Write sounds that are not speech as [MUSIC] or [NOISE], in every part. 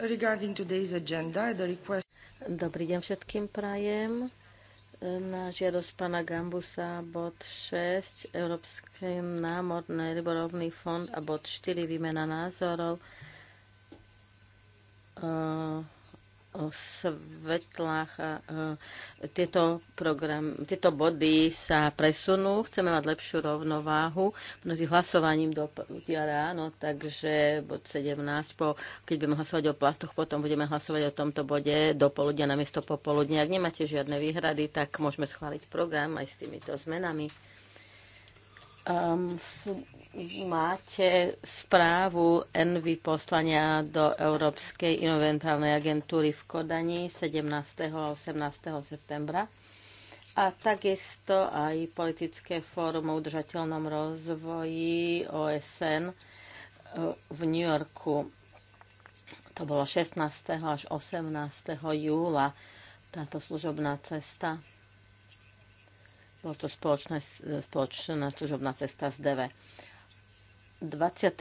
Dobrý deň všetkým prajem. Na žiadosť pána Gambusa bod 6 Európsky námorný rybolovný fond a bod 4 výmena názorov. E o svetlách a e, tieto, program, tieto body sa presunú. Chceme mať lepšiu rovnováhu medzi hlasovaním do ráno, takže bod 17, po, keď budeme hlasovať o plastoch, potom budeme hlasovať o tomto bode do poludnia namiesto popoludnia. Ak nemáte žiadne výhrady, tak môžeme schváliť program aj s týmito zmenami. Um, máte správu Envy poslania do Európskej inoventrálnej agentúry v Kodani 17. a 18. septembra a takisto aj politické fórum o udržateľnom rozvoji OSN eh, v New Yorku. To bolo 16. až 18. júla táto služobná cesta bolo to spoločná, spoločná služobná cesta z DV. 27.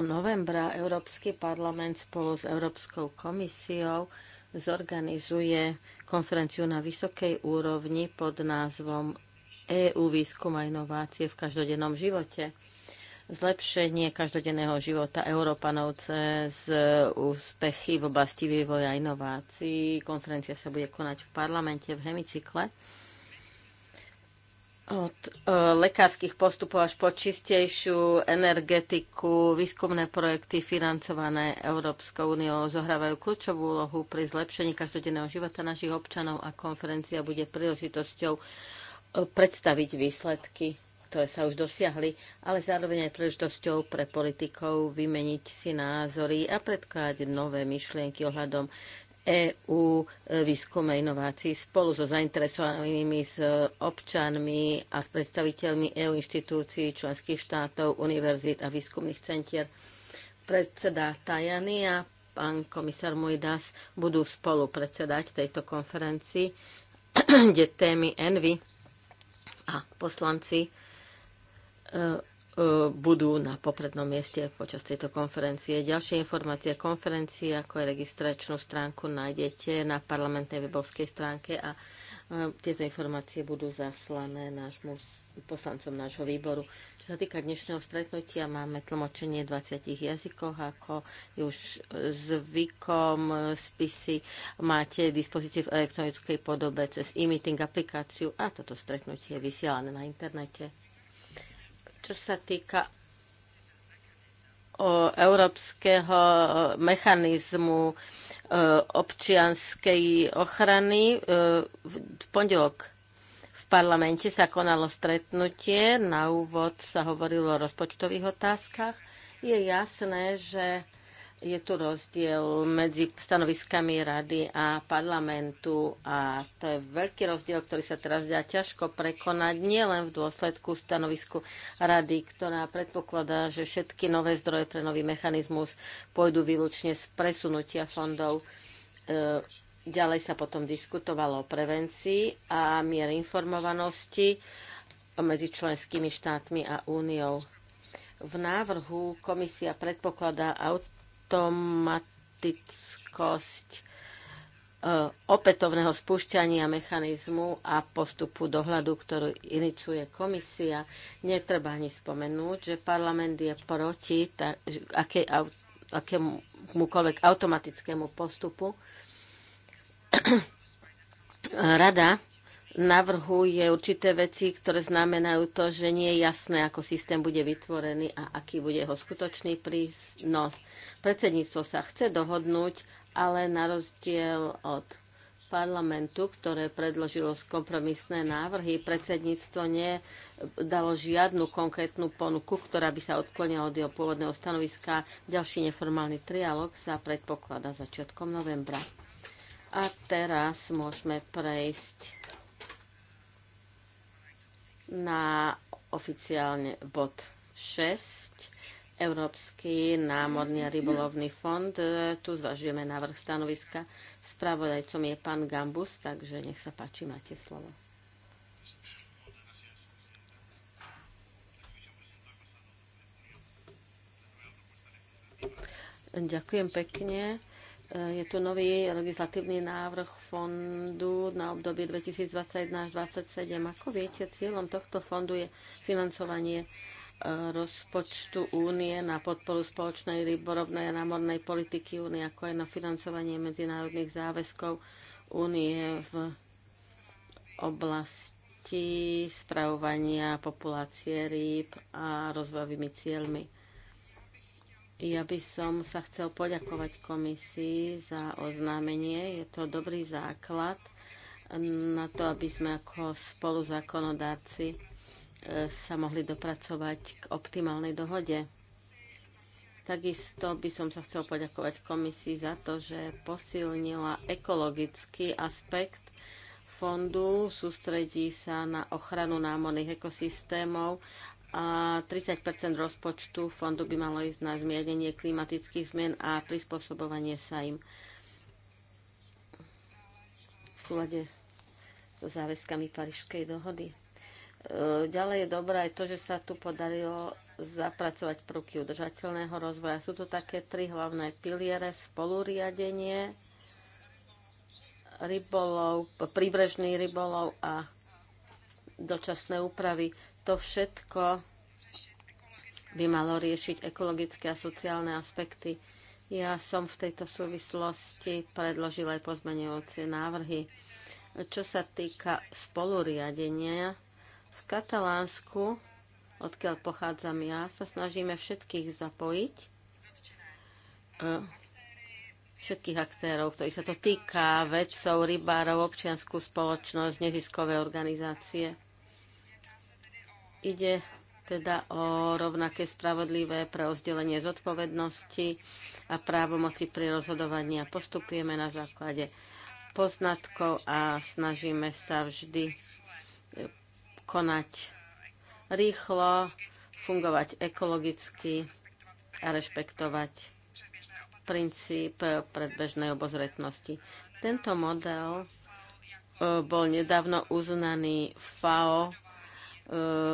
novembra Európsky parlament spolu s Európskou komisiou zorganizuje konferenciu na vysokej úrovni pod názvom EU výskum a inovácie v každodennom živote zlepšenie každodenného života Európanov cez úspechy v oblasti vývoja inovácií. Konferencia sa bude konať v parlamente v hemicykle od e, lekárskych postupov až po čistejšiu energetiku. Výskumné projekty financované Európskou úniou zohrávajú kľúčovú úlohu pri zlepšení každodenného života našich občanov a konferencia bude príležitosťou e, predstaviť výsledky, ktoré sa už dosiahli, ale zároveň aj príležitosťou pre politikov vymeniť si názory a predkladať nové myšlienky ohľadom EÚ e, výskume inovácií spolu so zainteresovanými s občanmi a s predstaviteľmi EÚ inštitúcií, členských štátov, univerzít a výskumných centier. Predseda Tajany a pán komisár Mojdas budú spolu predsedať tejto konferencii, kde témy Envy a poslanci e, E, budú na poprednom mieste počas tejto konferencie. Ďalšie informácie konferencie, ako je registračnú stránku, nájdete na parlamentnej webovskej stránke a e, tieto informácie budú zaslané nášmu poslancom nášho výboru. Čo sa týka dnešného stretnutia, máme tlmočenie 20 jazykov, ako je už zvykom spisy máte dispozície v elektronickej podobe cez e-meeting aplikáciu a toto stretnutie je vysielané na internete. Čo sa týka o európskeho e, mechanizmu e, občianskej ochrany. E, v pondelok v parlamente sa konalo stretnutie. Na úvod sa hovorilo o rozpočtových otázkach. Je jasné, že je tu rozdiel medzi stanoviskami rady a parlamentu a to je veľký rozdiel, ktorý sa teraz dá ťažko prekonať nielen v dôsledku stanovisku rady, ktorá predpokladá, že všetky nové zdroje pre nový mechanizmus pôjdu výlučne z presunutia fondov. E, ďalej sa potom diskutovalo o prevencii a mier informovanosti medzi členskými štátmi a úniou. V návrhu komisia predpokladá automatickosť e, opätovného spúšťania mechanizmu a postupu dohľadu, ktorú iniciuje komisia. Netreba ani spomenúť, že parlament je proti ta, aké, akémukoľvek automatickému postupu. [CLEARS THROAT] Rada navrhuje určité veci, ktoré znamenajú to, že nie je jasné, ako systém bude vytvorený a aký bude jeho skutočný prínos. Predsedníctvo sa chce dohodnúť, ale na rozdiel od parlamentu, ktoré predložilo kompromisné návrhy, predsedníctvo nedalo žiadnu konkrétnu ponuku, ktorá by sa odklonila od jeho pôvodného stanoviska. Ďalší neformálny trialog sa predpokladá začiatkom novembra. A teraz môžeme prejsť na oficiálne bod 6 Európsky námorný a rybolovný fond. E, tu zvažujeme návrh stanoviska. Spravodajcom je pán Gambus, takže nech sa páči, máte slovo. Ďakujem pekne. Eh, je tu nový legislatívny návrh fondu na obdobie 2021 až 2027. Ako viete, cieľom tohto fondu je financovanie eh, rozpočtu únie na podporu spoločnej ryborovnej a námornej politiky únie, ako aj na financovanie medzinárodných záväzkov únie v oblasti spravovania populácie rýb a rozvojovými cieľmi. Ja by som sa chcel poďakovať komisii za oznámenie. Je to dobrý základ na to, aby sme ako spoluzákonodárci e, sa mohli dopracovať k optimálnej dohode. Takisto by som sa chcel poďakovať komisii za to, že posilnila ekologický aspekt fondu, sústredí sa na ochranu námorných ekosystémov a 30 rozpočtu fondu by malo ísť na zmiernenie klimatických zmien a prispôsobovanie sa im v súlade so záväzkami Parížskej dohody. E, ďalej je dobré aj to, že sa tu podarilo zapracovať prvky udržateľného rozvoja. Sú to také tri hlavné piliere, spoluriadenie, rybolov, príbrežný rybolov a dočasné úpravy. To všetko by malo riešiť ekologické a sociálne aspekty. Ja som v tejto súvislosti predložila aj pozmenujúce návrhy. Čo sa týka spoluriadenia, v Katalánsku, odkiaľ pochádzam ja, sa snažíme všetkých zapojiť. E, všetkých aktérov, ktorí sa to týka, vedcov, rybárov, občianskú spoločnosť, neziskové organizácie. Ide teda o rovnaké spravodlivé pre rozdelenie zodpovednosti a právomoci pri rozhodovaní a postupujeme na základe poznatkov a snažíme sa vždy e, konať rýchlo, fungovať ekologicky a rešpektovať princíp predbežnej obozretnosti. Tento model e, bol nedávno uznaný FAO e,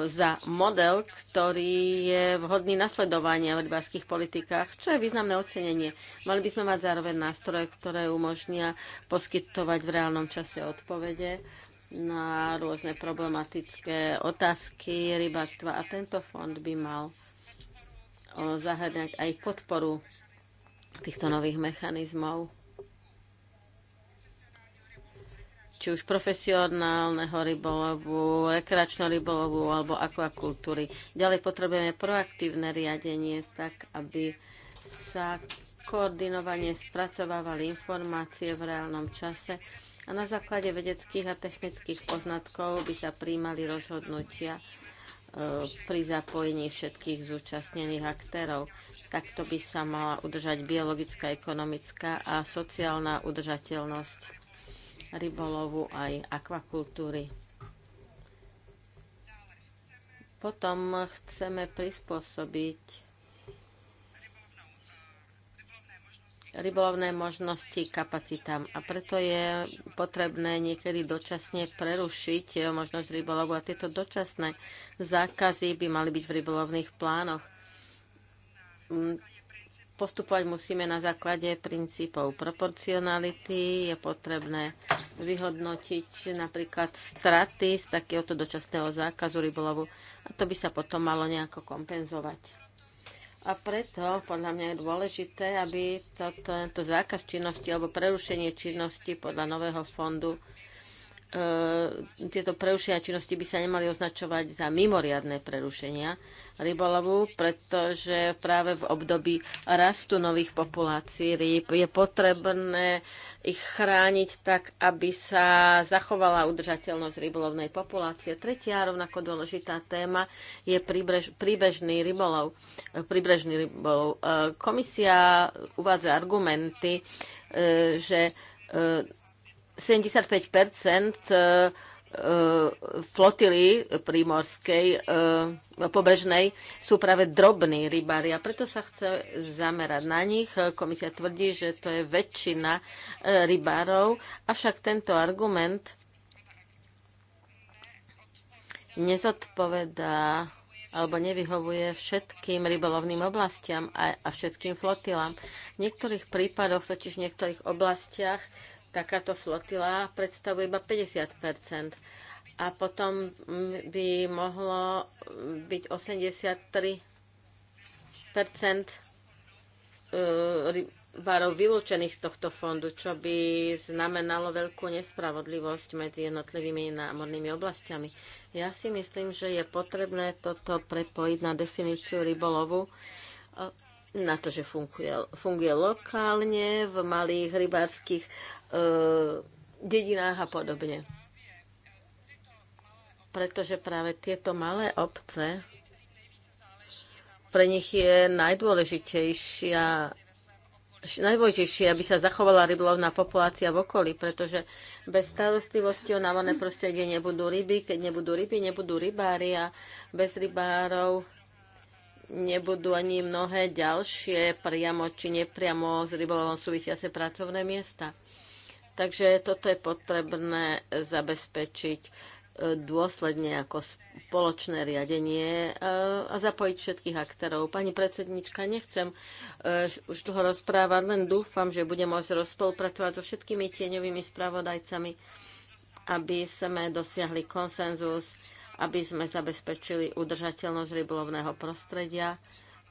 za model, ktorý je vhodný nasledovania v rybárských politikách, čo je významné ocenenie. Mali by sme mať zároveň nástroje, ktoré umožnia poskytovať v reálnom čase odpovede na rôzne problematické otázky rybárstva a tento fond by mal e, zahrňať aj podporu týchto nových mechanizmov. či už profesionálneho rybolovu, rekreačnú rybolovu alebo akvakultúry. Ďalej potrebujeme proaktívne riadenie, tak aby sa koordinovane spracovávali informácie v reálnom čase a na základe vedeckých a technických poznatkov by sa príjmali rozhodnutia E, pri zapojení všetkých zúčastnených aktérov. Takto by sa mala udržať biologická, ekonomická a sociálna udržateľnosť rybolovu aj akvakultúry. Potom chceme prispôsobiť rybolovné možnosti kapacitám. A preto je potrebné niekedy dočasne prerušiť eh, možnosť rybolovu a tieto dočasné zákazy by mali byť v rybolovných plánoch. Mm, postupovať musíme na základe princípov proporcionality. Je potrebné vyhodnotiť napríklad straty z takéhoto dočasného zákazu rybolovu a to by sa potom malo nejako kompenzovať. A preto podľa mňa je dôležité, aby tento zákaz činnosti alebo prerušenie činnosti podľa nového fondu E, tieto prerušenia činnosti by sa nemali označovať za mimoriadne prerušenia rybolovu, pretože práve v období rastu nových populácií rýb je potrebné ich chrániť tak, aby sa zachovala udržateľnosť rybolovnej populácie. Tretia rovnako dôležitá téma je príbrež, príbežný rybolov. Príbrežný rybolov. E, komisia uvádza argumenty, e, že 75 e, e, flotily prímorskej, e, pobrežnej sú práve drobní rybári a preto sa chce zamerať na nich. Komisia tvrdí, že to je väčšina rybárov, avšak tento argument nezodpovedá alebo nevyhovuje všetkým rybolovným oblastiam a, a všetkým flotilám. V niektorých prípadoch, totiž v niektorých oblastiach, takáto flotila predstavuje iba 50 a potom by mohlo byť 83 e, rybárov vylúčených z tohto fondu, čo by znamenalo veľkú nespravodlivosť medzi jednotlivými námornými oblastiami. Ja si myslím, že je potrebné toto prepojiť na definíciu rybolovu na to, že funguje, funguje lokálne v malých rybárskych e, dedinách a podobne. Pretože práve tieto malé obce, pre nich je najdôležitejšia najdôležitejšie, aby sa zachovala rybolovná populácia v okolí, pretože bez starostlivosti o návodné prostredie nebudú ryby, keď nebudú ryby, nebudú rybári a bez rybárov nebudú ani mnohé ďalšie priamo či nepriamo s rybolovom súvisiace pracovné miesta. Takže toto je potrebné zabezpečiť e, dôsledne ako spoločné riadenie e, a zapojiť všetkých aktérov. Pani predsednička, nechcem e, už dlho rozprávať, len dúfam, že budem môcť rozpolupracovať so všetkými tieňovými spravodajcami, aby sme dosiahli konsenzus aby sme zabezpečili udržateľnosť rybolovného prostredia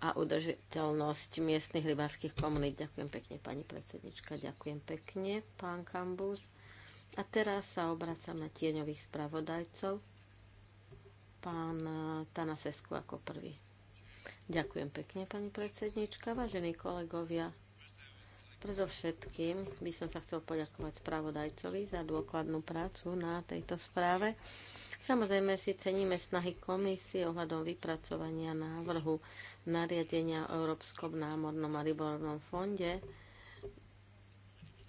a udržateľnosť miestnych rybárskych komunít. Ďakujem pekne, pani predsednička. Ďakujem pekne, pán Kambus. A teraz sa obracam na tieňových spravodajcov. Pán Tanasesku ako prvý. Ďakujem pekne, pani predsednička, vážení kolegovia. Predovšetkým by som sa chcel poďakovať spravodajcovi za dôkladnú prácu na tejto správe. Samozrejme si ceníme snahy komisie ohľadom vypracovania návrhu nariadenia o Európskom námornom a rybornom fonde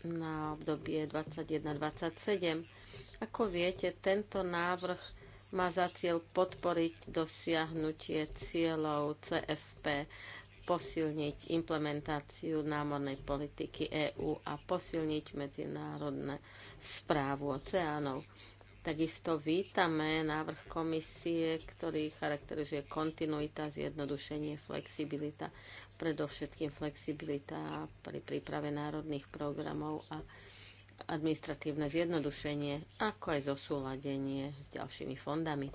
na obdobie 2021-2027. Ako viete, tento návrh má za cieľ podporiť dosiahnutie cieľov CFP, posilniť implementáciu námornej politiky EÚ a posilniť medzinárodné správu oceánov. Takisto vítame návrh komisie, ktorý charakterizuje kontinuita, zjednodušenie, flexibilita, predovšetkým flexibilita pri príprave národných programov a administratívne zjednodušenie, ako aj zosúladenie s ďalšími fondami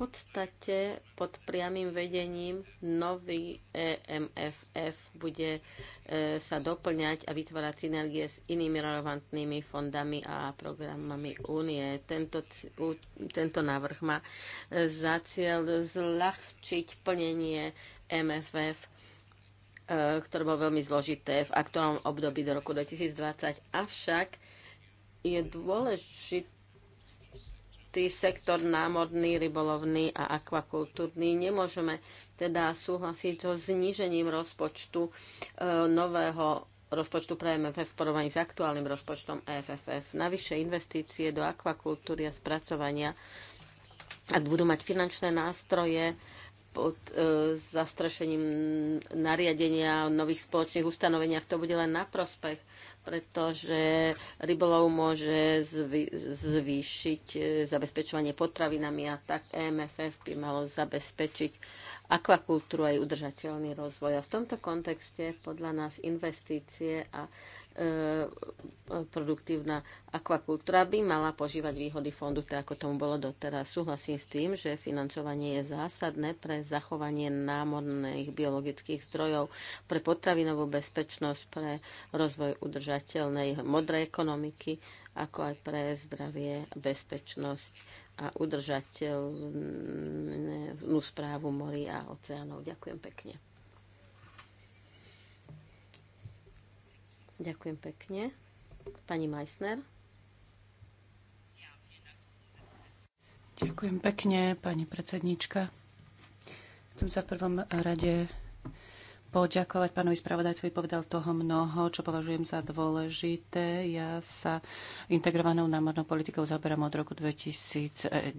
podstate pod priamým vedením nový EMFF bude e, sa doplňať a vytvárať synergie s inými relevantnými fondami a programami únie. Tento, tento návrh má e, za cieľ zľahčiť plnenie MFF e, ktoré bolo veľmi zložité v aktuálnom období do roku 2020. Avšak je dôležité Tý sektor námorný, rybolovný a akvakultúrny. Nemôžeme teda súhlasiť so znížením rozpočtu e, nového rozpočtu pre MFF v porovnaní s aktuálnym rozpočtom EFFF. Navyše investície do akvakultúry a spracovania, ak budú mať finančné nástroje, pod zastrašením zastrešením nariadenia nových spoločných ustanoveniach. To bude len na prospech pretože rybolov môže zvýšiť e, zabezpečovanie potravinami a tak e MFF by malo zabezpečiť akvakultúru aj udržateľný rozvoj. A v tomto kontexte podľa nás investície a E, produktívna akvakultúra by mala požívať výhody fondu, tak ako tomu bolo doteraz. Súhlasím s tým, že financovanie je zásadné pre zachovanie námorných biologických zdrojov, pre potravinovú bezpečnosť, pre rozvoj udržateľnej modrej ekonomiky, ako aj pre zdravie, bezpečnosť a udržateľnú správu morí a oceánov. Ďakujem pekne. Ďakujem pekne. Pani Meissner. Ďakujem pekne, pani predsednička. Chcem sa v prvom rade poďakovať pánovi spravodajcovi. Povedal toho mnoho, čo považujem za dôležité. Ja sa integrovanou námornou politikou zaberám od roku 2009,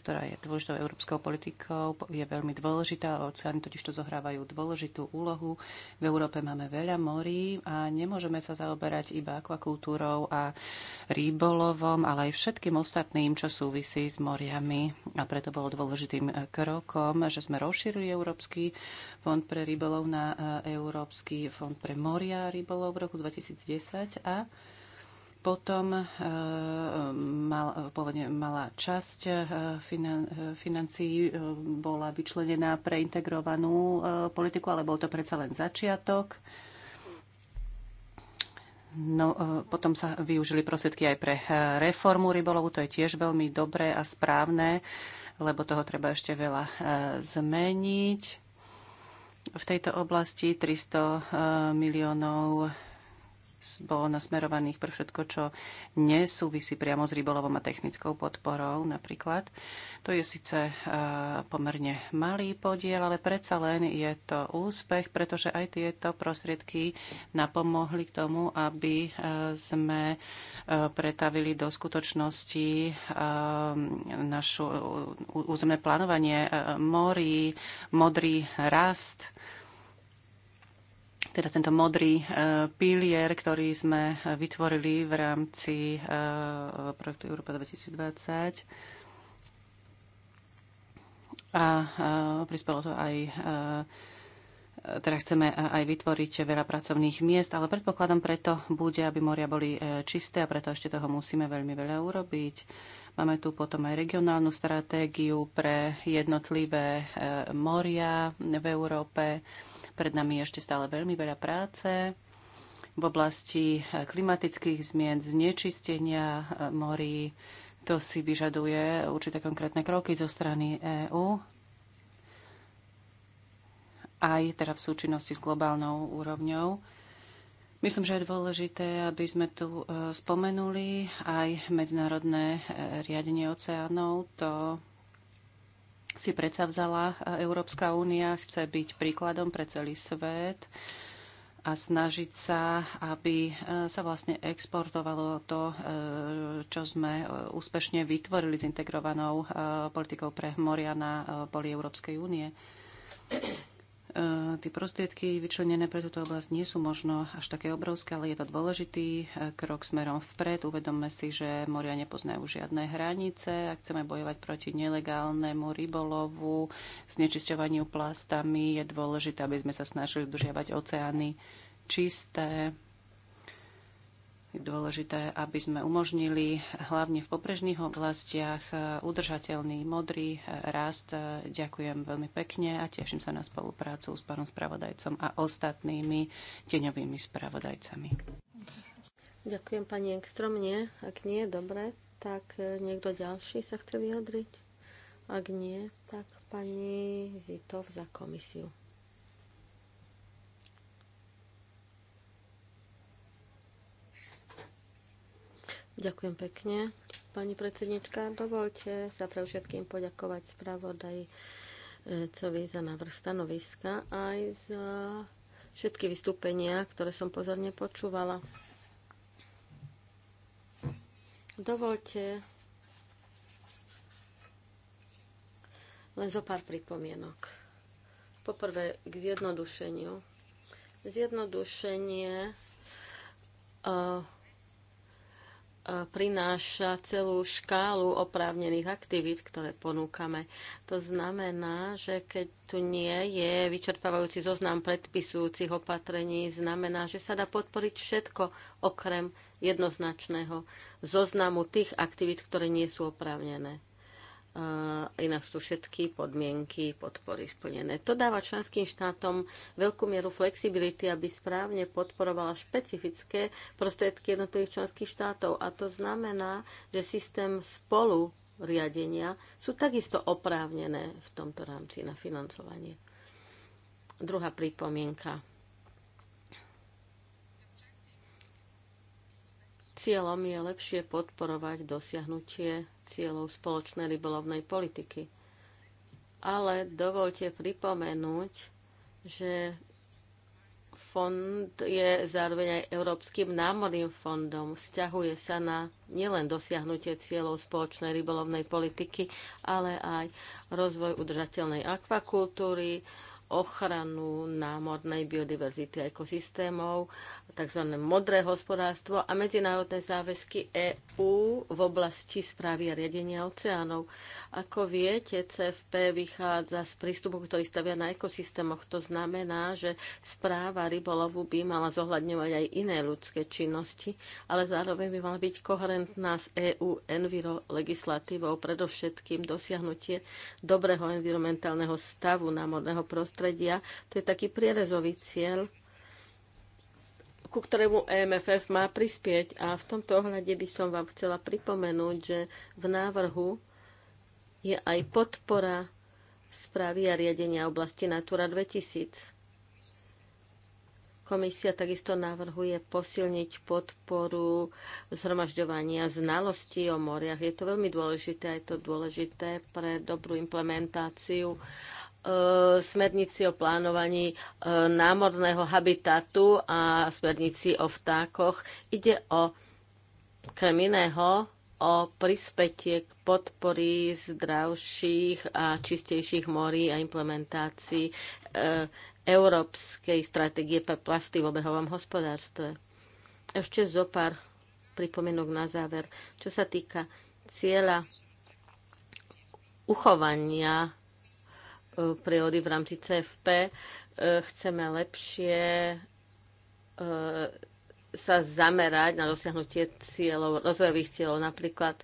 ktorá je dôležitou európskou politikou, je veľmi dôležitá. Oceány totiž to zohrávajú dôležitú úlohu. V Európe máme veľa morí a nemôžeme sa zaoberať iba akvakultúrou a rýbolovom, ale aj všetkým ostatným, čo súvisí s moriami. A preto bolo dôležitým krokom, že sme rozšírili Európsky fond pre rybolov na e, Európsky fond pre moria rybolov v roku 2010 a potom e, mal, povedne, malá časť e, finan, financií bola vyčlenená pre integrovanú politiku, ale bol to predsa len začiatok. No, potom sa využili prosvedky aj pre reformu rybolovu, to je tiež veľmi dobré a správne, lebo toho treba ešte veľa zmeniť v tejto oblasti 300 eh, miliónov bolo nasmerovaných pre všetko, čo nesúvisí priamo s rybolovom a technickou podporou napríklad. To je síce e, pomerne malý podiel, ale predsa len je to úspech, pretože aj tieto prostriedky napomohli k tomu, aby e, sme e, pretavili do skutočnosti našu územné plánovanie morí, modrý rast, teda tento modrý e, pilier, ktorý sme e, vytvorili v rámci e, projektu Európa 2020. A prispelo to aj teda chceme aj vytvoriť veľa pracovných miest, ale predpokladom preto bude, aby moria boli čisté a preto ešte toho musíme veľmi veľa urobiť. Máme tu potom aj regionálnu stratégiu pre jednotlivé moria v Európe pred nami je ešte stále veľmi veľa práce v oblasti eh, klimatických zmien, znečistenia eh, morí. To si vyžaduje určité konkrétne kroky zo strany EÚ aj teda v súčinnosti s globálnou úrovňou. Myslím, že je dôležité, aby sme tu eh, spomenuli aj medzinárodné riadenie oceánov. To si predsa vzala e, Európska únia, chce byť príkladom pre celý svet a snažiť sa, aby e, sa vlastne exportovalo to, e, čo sme úspešne vytvorili s integrovanou politikou pre moria na poli Európskej únie. E, tie prostriedky vyčlenené pre túto oblasť nie sú možno až také obrovské, ale je to dôležitý e, krok smerom vpred. Uvedomme si, že moria nepoznajú žiadne hranice Ak chceme bojovať proti nelegálnemu rybolovu, znečisťovaniu plastami. Je dôležité, aby sme sa snažili udržiavať oceány čisté, je dôležité, aby sme umožnili hlavne v poprežných oblastiach udržateľný modrý rast. Ďakujem veľmi pekne a teším sa na spoluprácu s pánom spravodajcom a ostatnými teňovými spravodajcami. Ďakujem pani Ekstrom. Nie, ak nie, dobre, tak e, niekto ďalší sa chce vyjadriť? Ak nie, tak pani Zitov za komisiu. Ďakujem pekne. Pani predsednička, dovolte sa pre všetkým poďakovať spravodajcovi za návrh stanoviska aj za všetky vystúpenia, ktoré som pozorne počúvala. Dovolte len zo pár pripomienok. Poprvé k zjednodušeniu. Zjednodušenie uh, prináša celú škálu oprávnených aktivít, ktoré ponúkame. To znamená, že keď tu nie je vyčerpávajúci zoznam predpisujúcich opatrení, znamená, že sa dá podporiť všetko okrem jednoznačného zoznamu tých aktivít, ktoré nie sú oprávnené inak sú všetky podmienky podpory splnené. To dáva členským štátom veľkú mieru flexibility, aby správne podporovala špecifické prostriedky jednotlivých členských štátov. A to znamená, že systém spolu riadenia sú takisto oprávnené v tomto rámci na financovanie. Druhá pripomienka. Cieľom je lepšie podporovať dosiahnutie cieľov spoločnej rybolovnej politiky. Ale dovolte pripomenúť, že fond je zároveň aj Európskym námorným fondom. Vzťahuje sa na nielen dosiahnutie cieľov spoločnej rybolovnej politiky, ale aj rozvoj udržateľnej akvakultúry, ochranu námornej biodiverzity a ekosystémov, tzv. modré hospodárstvo a medzinárodné záväzky EÚ v oblasti správy a riadenia oceánov. Ako viete, CFP vychádza z prístupu, ktorý stavia na ekosystémoch. To znamená, že správa rybolovu by mala zohľadňovať aj iné ľudské činnosti, ale zároveň by mala byť koherentná s EÚ enviro legislatívou, predovšetkým dosiahnutie dobrého environmentálneho stavu námorného prostredia prostredia. To je taký prierezový cieľ, ku ktorému EMFF má prispieť. A v tomto ohľade by som vám chcela pripomenúť, že v návrhu je aj podpora správy a riadenia oblasti Natura 2000. Komisia takisto navrhuje posilniť podporu zhromažďovania znalostí o moriach. Je to veľmi dôležité, a je to dôležité pre dobrú implementáciu E, smernici o plánovaní e, námorného habitatu a smernici o vtákoch. Ide o krem iného o prispätie k podpory zdravších a čistejších morí a implementácii e, európskej stratégie pre plasty v obehovom hospodárstve. Ešte zo pár pripomienok na záver. Čo sa týka cieľa uchovania prírody v rámci CFP. E, chceme lepšie e, sa zamerať na dosiahnutie cieľov, rozvojových cieľov, napríklad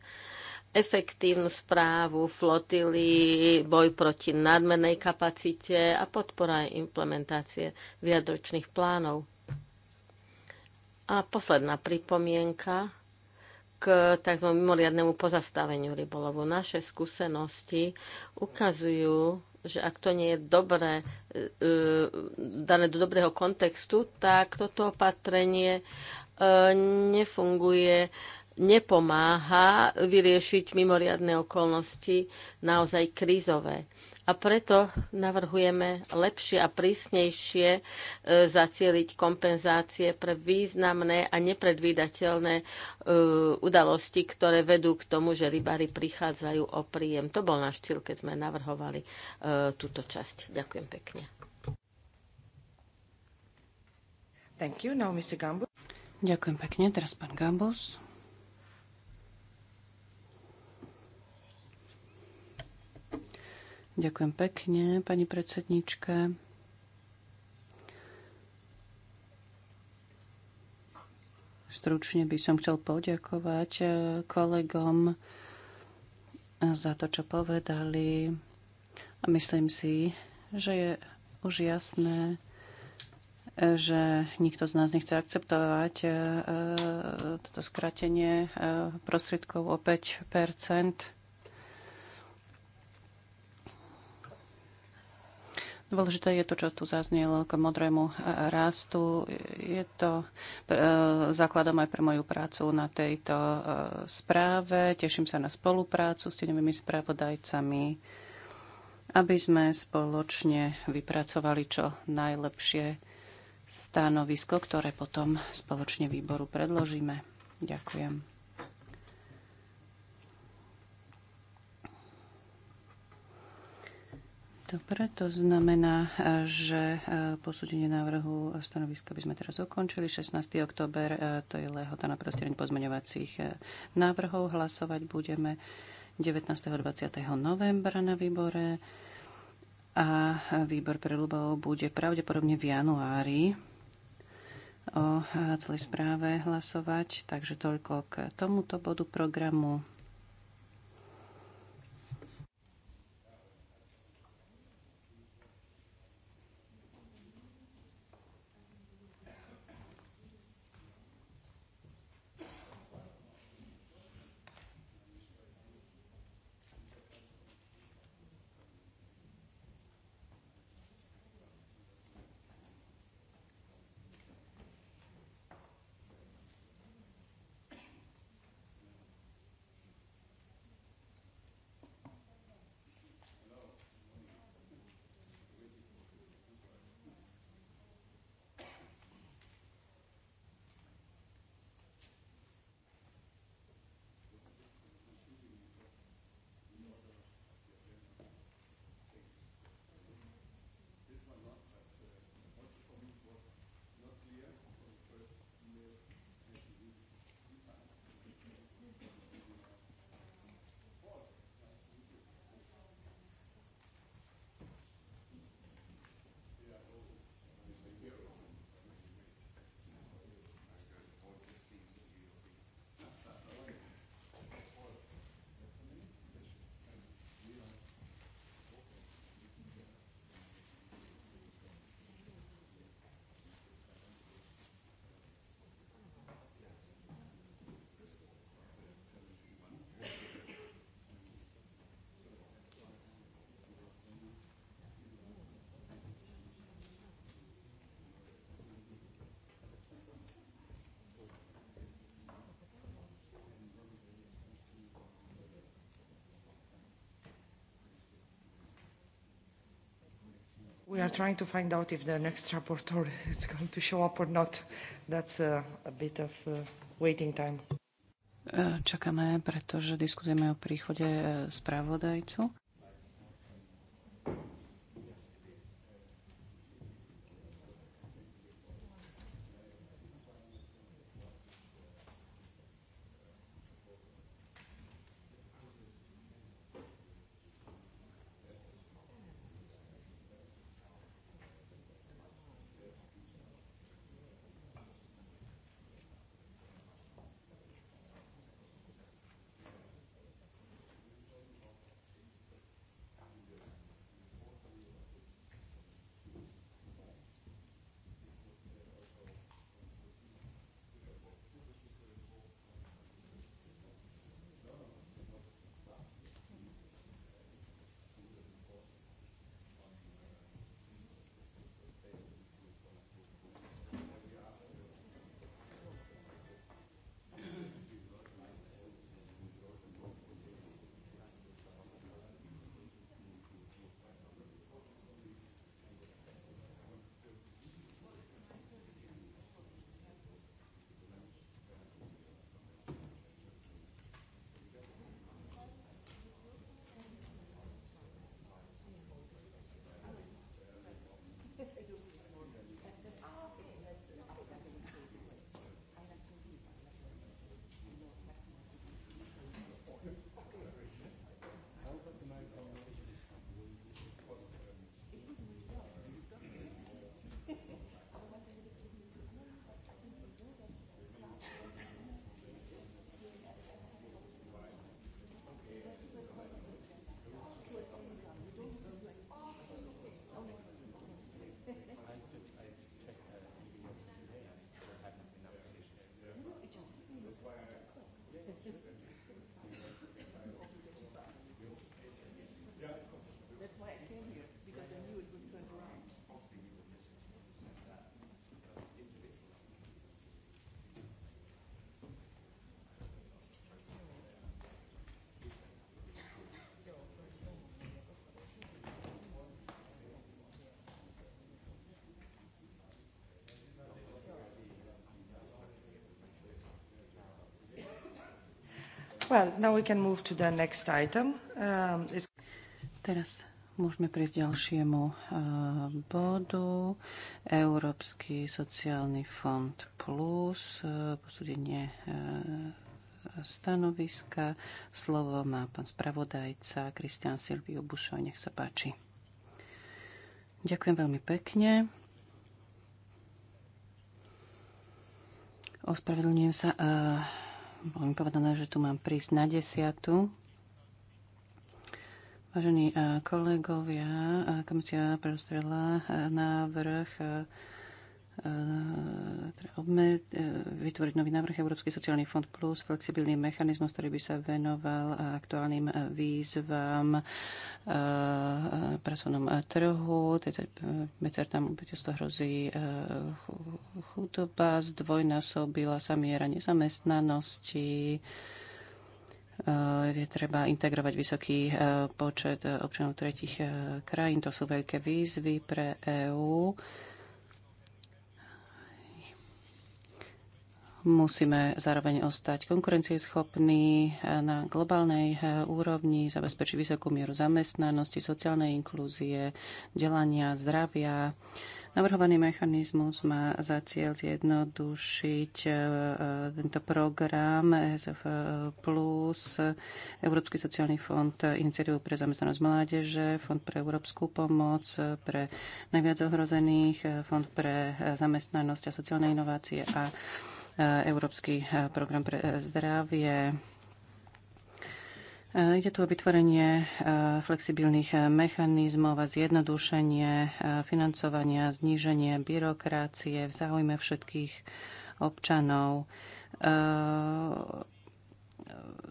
efektívnu správu flotily, boj proti nadmernej kapacite a podpora implementácie viadročných plánov. A posledná pripomienka k tzv. mimoriadnemu pozastaveniu rybolovu. Naše skúsenosti ukazujú, že ak to nie je dobré, e, e, dané do dobrého kontextu, tak toto opatrenie e, nefunguje, nepomáha vyriešiť mimoriadne okolnosti naozaj krízové a preto navrhujeme lepšie a prísnejšie e, zacieliť kompenzácie pre významné a nepredvídateľné e, udalosti, ktoré vedú k tomu, že rybári prichádzajú o príjem. To bol náš cieľ, keď sme navrhovali e, túto časť. Ďakujem pekne. Thank you. Now, Mr. Gambus. Ďakujem pekne. Teraz pán Gambus. Ďakujem pekne, pani predsednička. Stručne by som chcel poďakovať eh, kolegom za to, čo povedali. A myslím si, že je už jasné, eh, že nikto z nás nechce akceptovať eh, toto skratenie prostriedkov o 5 Dôležité je to, čo tu zaznelo k modrému e, rastu. Je to e, základom aj pre moju prácu na tejto e, správe. Teším sa na spoluprácu s tými spravodajcami, aby sme spoločne vypracovali čo najlepšie stanovisko, ktoré potom spoločne výboru predložíme. Ďakujem. Dobre, to znamená, e, že e, posúdenie návrhu stanoviska by sme teraz ukončili. 16. október, e, to je lehota na prostrední pozmeňovacích návrhov. Hlasovať budeme 19. 20. novembra na výbore a výbor pre ľubov bude pravdepodobne v januári o celej správe hlasovať. Takže toľko k tomuto bodu programu. We are trying to find out if the next rapporteur [LAUGHS] is going to show up or not. That's a, uh, a bit of uh, waiting time. Čakáme, pretože diskutujeme o príchode uh, spravodajcu. Well, now we can move to the next item. Um, Teraz môžeme prísť ďalšiemu uh, bodu. Európsky sociálny fond plus, uh, posúdenie uh, stanoviska. Slovo má pán spravodajca Kristian Silviu Bušo. Nech sa páči. Ďakujem veľmi pekne. Ospravedlňujem sa. Uh, bolo mi povedané, že tu mám prísť na desiatu. Vážení eh, kolegovia, eh, komisia predostrela eh, návrh E, teda obmed, e, vytvoriť nový návrh Európsky sociálny fond plus flexibilný mechanizmus, ktorý by sa venoval aktuálnym výzvam e, pracovnom trhu. Teda, Mecer tam obyteľstva hrozí chudoba, zdvojnásobila sa miera nezamestnanosti. Je treba integrovať vysoký počet občanov tretich krajín. To sú veľké výzvy pre EÚ. EU Musíme zároveň ostať konkurencieschopní e, na globálnej e, úrovni, zabezpečiť vysokú mieru zamestnanosti, sociálnej inklúzie, delania, zdravia. Navrhovaný mechanizmus má za cieľ zjednodušiť e, tento program ESF plus Európsky sociálny fond iniciatívu pre zamestnanosť mládeže, fond pre európsku pomoc pre najviac ohrozených, fond pre zamestnanosť a sociálne inovácie a Eh, Európsky eh, program pre eh, zdravie. Ide tu o vytvorenie flexibilných mechanizmov a zjednodušenie financovania, zníženie byrokracie v záujme všetkých občanov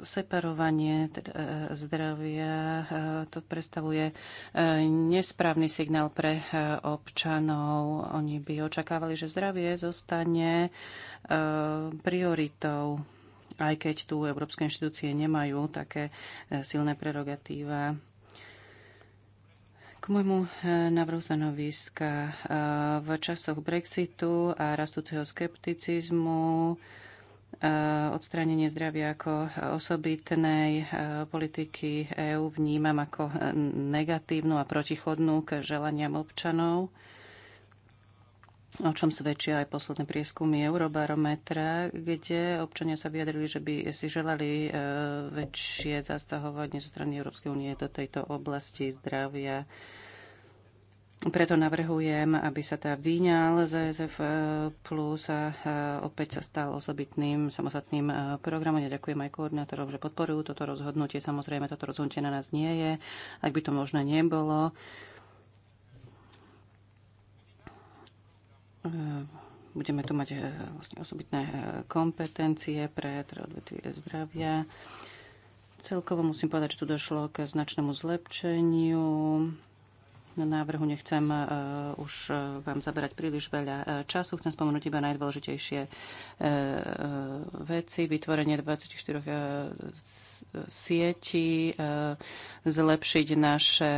separovanie teda, e, zdravia e, to predstavuje e, nesprávny signál pre občanov. Oni by očakávali, že zdravie zostane prioritou, aj keď tu európske inštitúcie nemajú také silné prerogatíva. K môjmu návrhu stanoviska v časoch Brexitu a rastúceho skepticizmu Eh, odstránenie zdravia ako osobitnej eh, politiky EÚ vnímam ako eh, negatívnu a protichodnú k želaniam občanov, o čom svedčia aj posledné prieskumy Eurobarometra, kde občania sa vyjadrili, že by si želali väčšie zastahovanie zo strany Európskej únie do tejto oblasti zdravia preto navrhujem, aby sa teda vyňal ZSF e e, plus a e, opäť sa stal osobitným samostatným programom. Ja ďakujem aj koordinátorom, že podporujú toto rozhodnutie. Samozrejme, toto rozhodnutie na nás nie je, ak by to možné nebolo. Budeme tu mať vlastne osobitné kompetencie pre teda odvetvie zdravia. Celkovo musím povedať, že tu došlo k značnému zlepšeniu návrhu. Nechcem e, už e, vám zaberať príliš veľa e, času. Chcem spomenúť iba najdôležitejšie veci. Vytvorenie 24 sietí, zlepšiť naše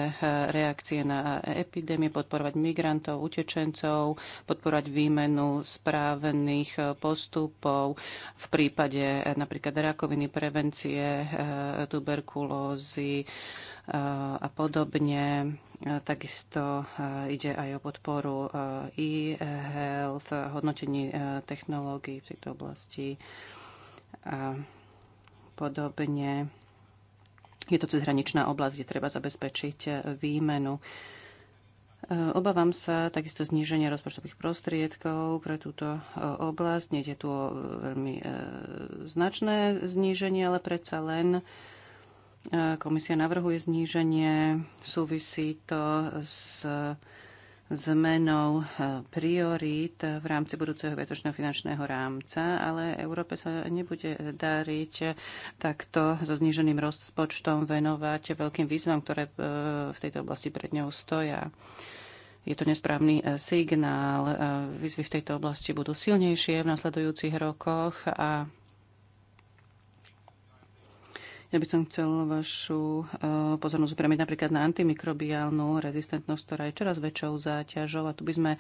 reakcie na epidémie, podporovať migrantov, utečencov, podporovať výmenu správnych postupov v prípade napríklad rakoviny, prevencie, tuberkulózy a podobne Takisto e, ide aj o podporu e, e-health, hodnotení e, technológií v tejto oblasti a podobne. Je to cezhraničná oblasť, kde treba zabezpečiť výmenu. Obávam sa takisto zníženia rozpočtových prostriedkov pre túto oblasť. Je tu veľmi značné zníženie, ale predsa len Komisia navrhuje zníženie, súvisí to s zmenou e, priorít v rámci budúceho viacročného finančného rámca, ale Európe sa nebude dariť takto so zníženým rozpočtom venovať veľkým význam, ktoré e, v tejto oblasti pred ňou stoja. Je to nesprávny e, signál. Výzvy v tejto oblasti budú silnejšie v nasledujúcich rokoch a ja by som chcel vašu eh, pozornosť upriamiť napríklad na antimikrobiálnu rezistentnosť, ktorá je čoraz väčšou záťažou a tu by sme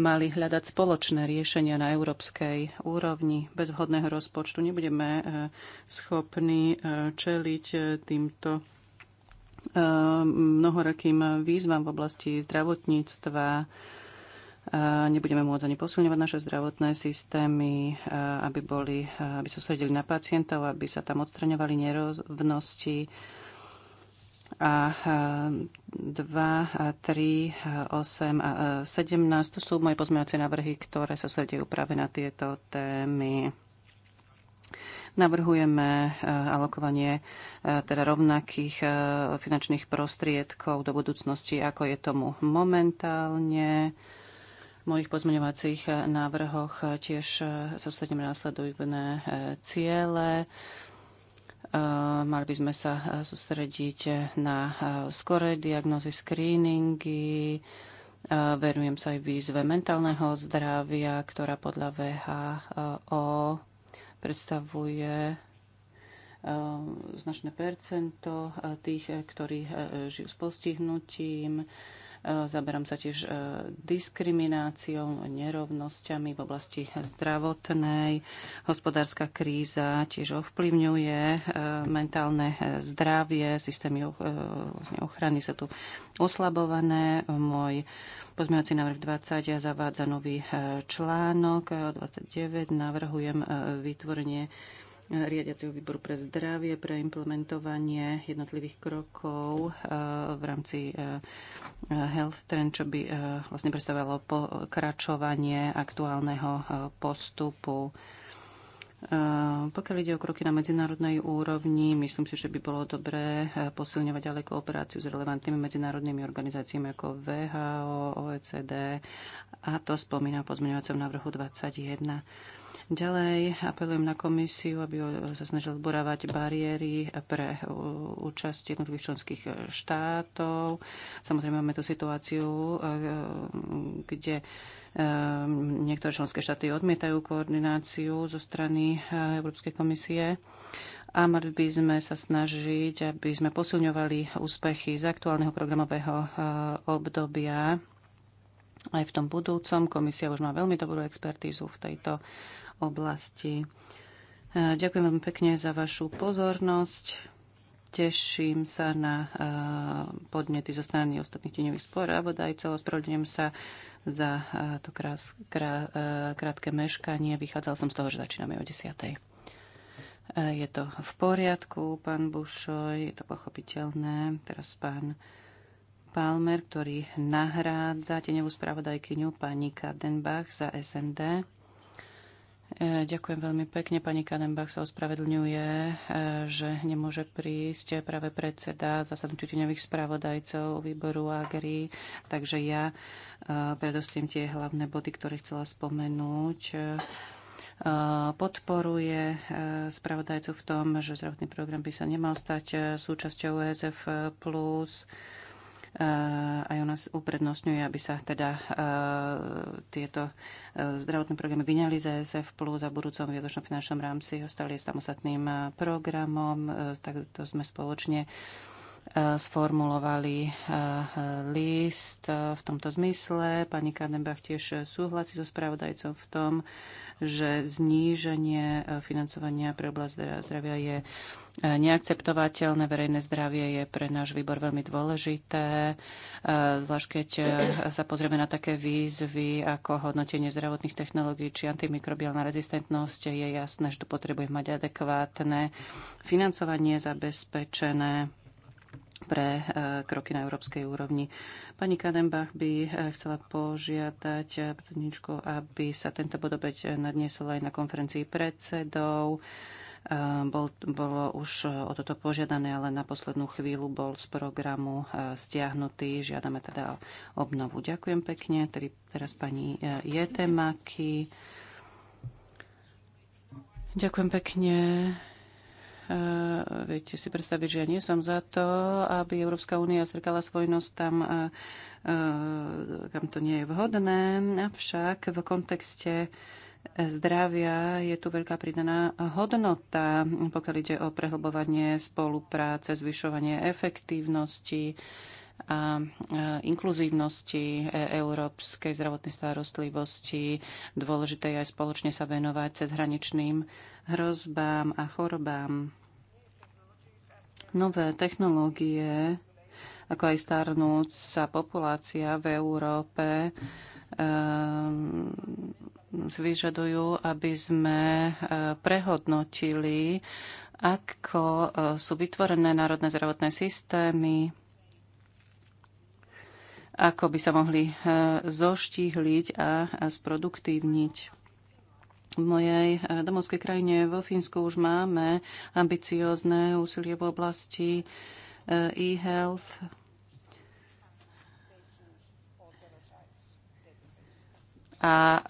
mali hľadať spoločné riešenia na európskej úrovni. Bez vhodného rozpočtu nebudeme eh, schopní eh, čeliť týmto mnohorakým výzvam v oblasti zdravotníctva, Eh, nebudeme môcť ani posilňovať naše zdravotné systémy, eh, aby, boli, eh, aby sústredili na pacientov, aby sa tam odstraňovali nerovnosti. A 2, 3, 8 a 17 to sú moje pozmeňovacie návrhy, ktoré sa sredujú práve na tieto témy. Navrhujeme alokovanie teda rovnakých finančných prostriedkov do budúcnosti, ako je tomu momentálne mojich pozmeňovacích návrhoch tiež sústredím následujúbne e, ciele. E, mali by sme sa e, sústrediť na skoré diagnozy, screeningy. Venujem sa aj výzve mentálneho zdravia, ktorá podľa VHO predstavuje značné percento tých, ktorí žijú s postihnutím E, zaberám sa tiež e, diskrimináciou, nerovnosťami v oblasti zdravotnej. Hospodárska kríza tiež ovplyvňuje e, mentálne zdravie, systémy vlastne ochrany sa tu oslabované. Môj pozmeňovací návrh 20 zavádza nový článok. 29 navrhujem vytvorenie riadiaceho výboru pre zdravie, pre implementovanie jednotlivých krokov eh, v rámci eh, health trend, čo by eh, vlastne predstavovalo pokračovanie aktuálneho postupu. Pokiaľ ide o kroky na medzinárodnej úrovni, myslím si, že by bolo dobré posilňovať ďalej kooperáciu s relevantnými medzinárodnými organizáciami ako VHO, OECD a to spomína v pozmeňovacom návrhu 21. Ďalej apelujem na komisiu, aby sa snažil odborávať bariéry pre účasť jednotlivých členských štátov. Samozrejme máme tu situáciu, eh, kde eh, niektoré členské štáty odmietajú koordináciu zo strany eh, Európskej komisie a mali by sme sa snažiť, aby sme posilňovali úspechy z aktuálneho programového obdobia aj v tom budúcom. Komisia už má veľmi dobrú expertízu v tejto oblasti. E, ďakujem veľmi pekne za vašu pozornosť. Teším sa na e, podnety zo strany ostatných tieňových spôrabodajcov. Ospravedlňujem sa za e, to krás, krá, krátke meškanie. Vychádzal som z toho, že začíname o 10. Je to v poriadku, pán Bušoj, je to pochopiteľné. Teraz pán Palmer, ktorý nahrádza tieňovú spravodajkyňu pani Kadenbach za SND. E, ďakujem veľmi pekne. Pani Kadenbach sa ospravedlňuje, e, že nemôže prísť práve predseda zasadnutiu spravodajcov výboru Agri, takže ja e, predostím tie hlavné body, ktoré chcela spomenúť podporuje spravodajcu v tom, že zdravotný program by sa nemal stať súčasťou ESF+. Eh, aj u nás uprednostňuje, aby sa teda eh, tieto eh, zdravotné programy vyňali z ESF plus a v budúcom viedočnom finančnom rámci ostali samostatným programom. Takto sme spoločne Eh, sformulovali eh, list eh, v tomto zmysle. Pani Kadenbach tiež súhlasí so spravodajcom v tom, že zníženie financovania pre oblasť zdravia je neakceptovateľné. Verejné zdravie je pre náš výbor veľmi dôležité, zvlášť keď sa pozrieme na také výzvy ako hodnotenie zdravotných technológií či antimikrobiálna rezistentnosť. Je jasné, že tu potrebujeme mať adekvátne financovanie zabezpečené pre e, kroky na európskej úrovni. Pani Kadenbach by e, chcela požiadať predsedničku, aby sa tento bod opäť nadniesol aj na konferencii predsedov. E, bol, bolo už o toto požiadané, ale na poslednú chvíľu bol z programu stiahnutý. Žiadame teda obnovu. Ďakujem pekne. Teraz pani Maki. Ďakujem pekne. Eh, viete si predstaviť, že ja nie som za to, aby Európska únia strkala svoj nos tam, eh, eh, kam to nie je vhodné. Avšak v kontexte zdravia je tu veľká pridaná hodnota, pokiaľ ide o prehlbovanie spolupráce, zvyšovanie efektívnosti a inkluzívnosti európskej zdravotnej starostlivosti. Dôležité je aj spoločne sa venovať cezhraničným hrozbám a chorobám. Nové technológie, ako aj starnúca populácia v Európe, um, vyžadujú, aby sme e, prehodnotili, ako e, sú vytvorené národné zdravotné systémy, ako by sa mohli e, zoštíhliť a, a sproduktívniť v mojej e, domovskej krajine vo Fínsku už máme ambiciózne úsilie v oblasti e, e-health. a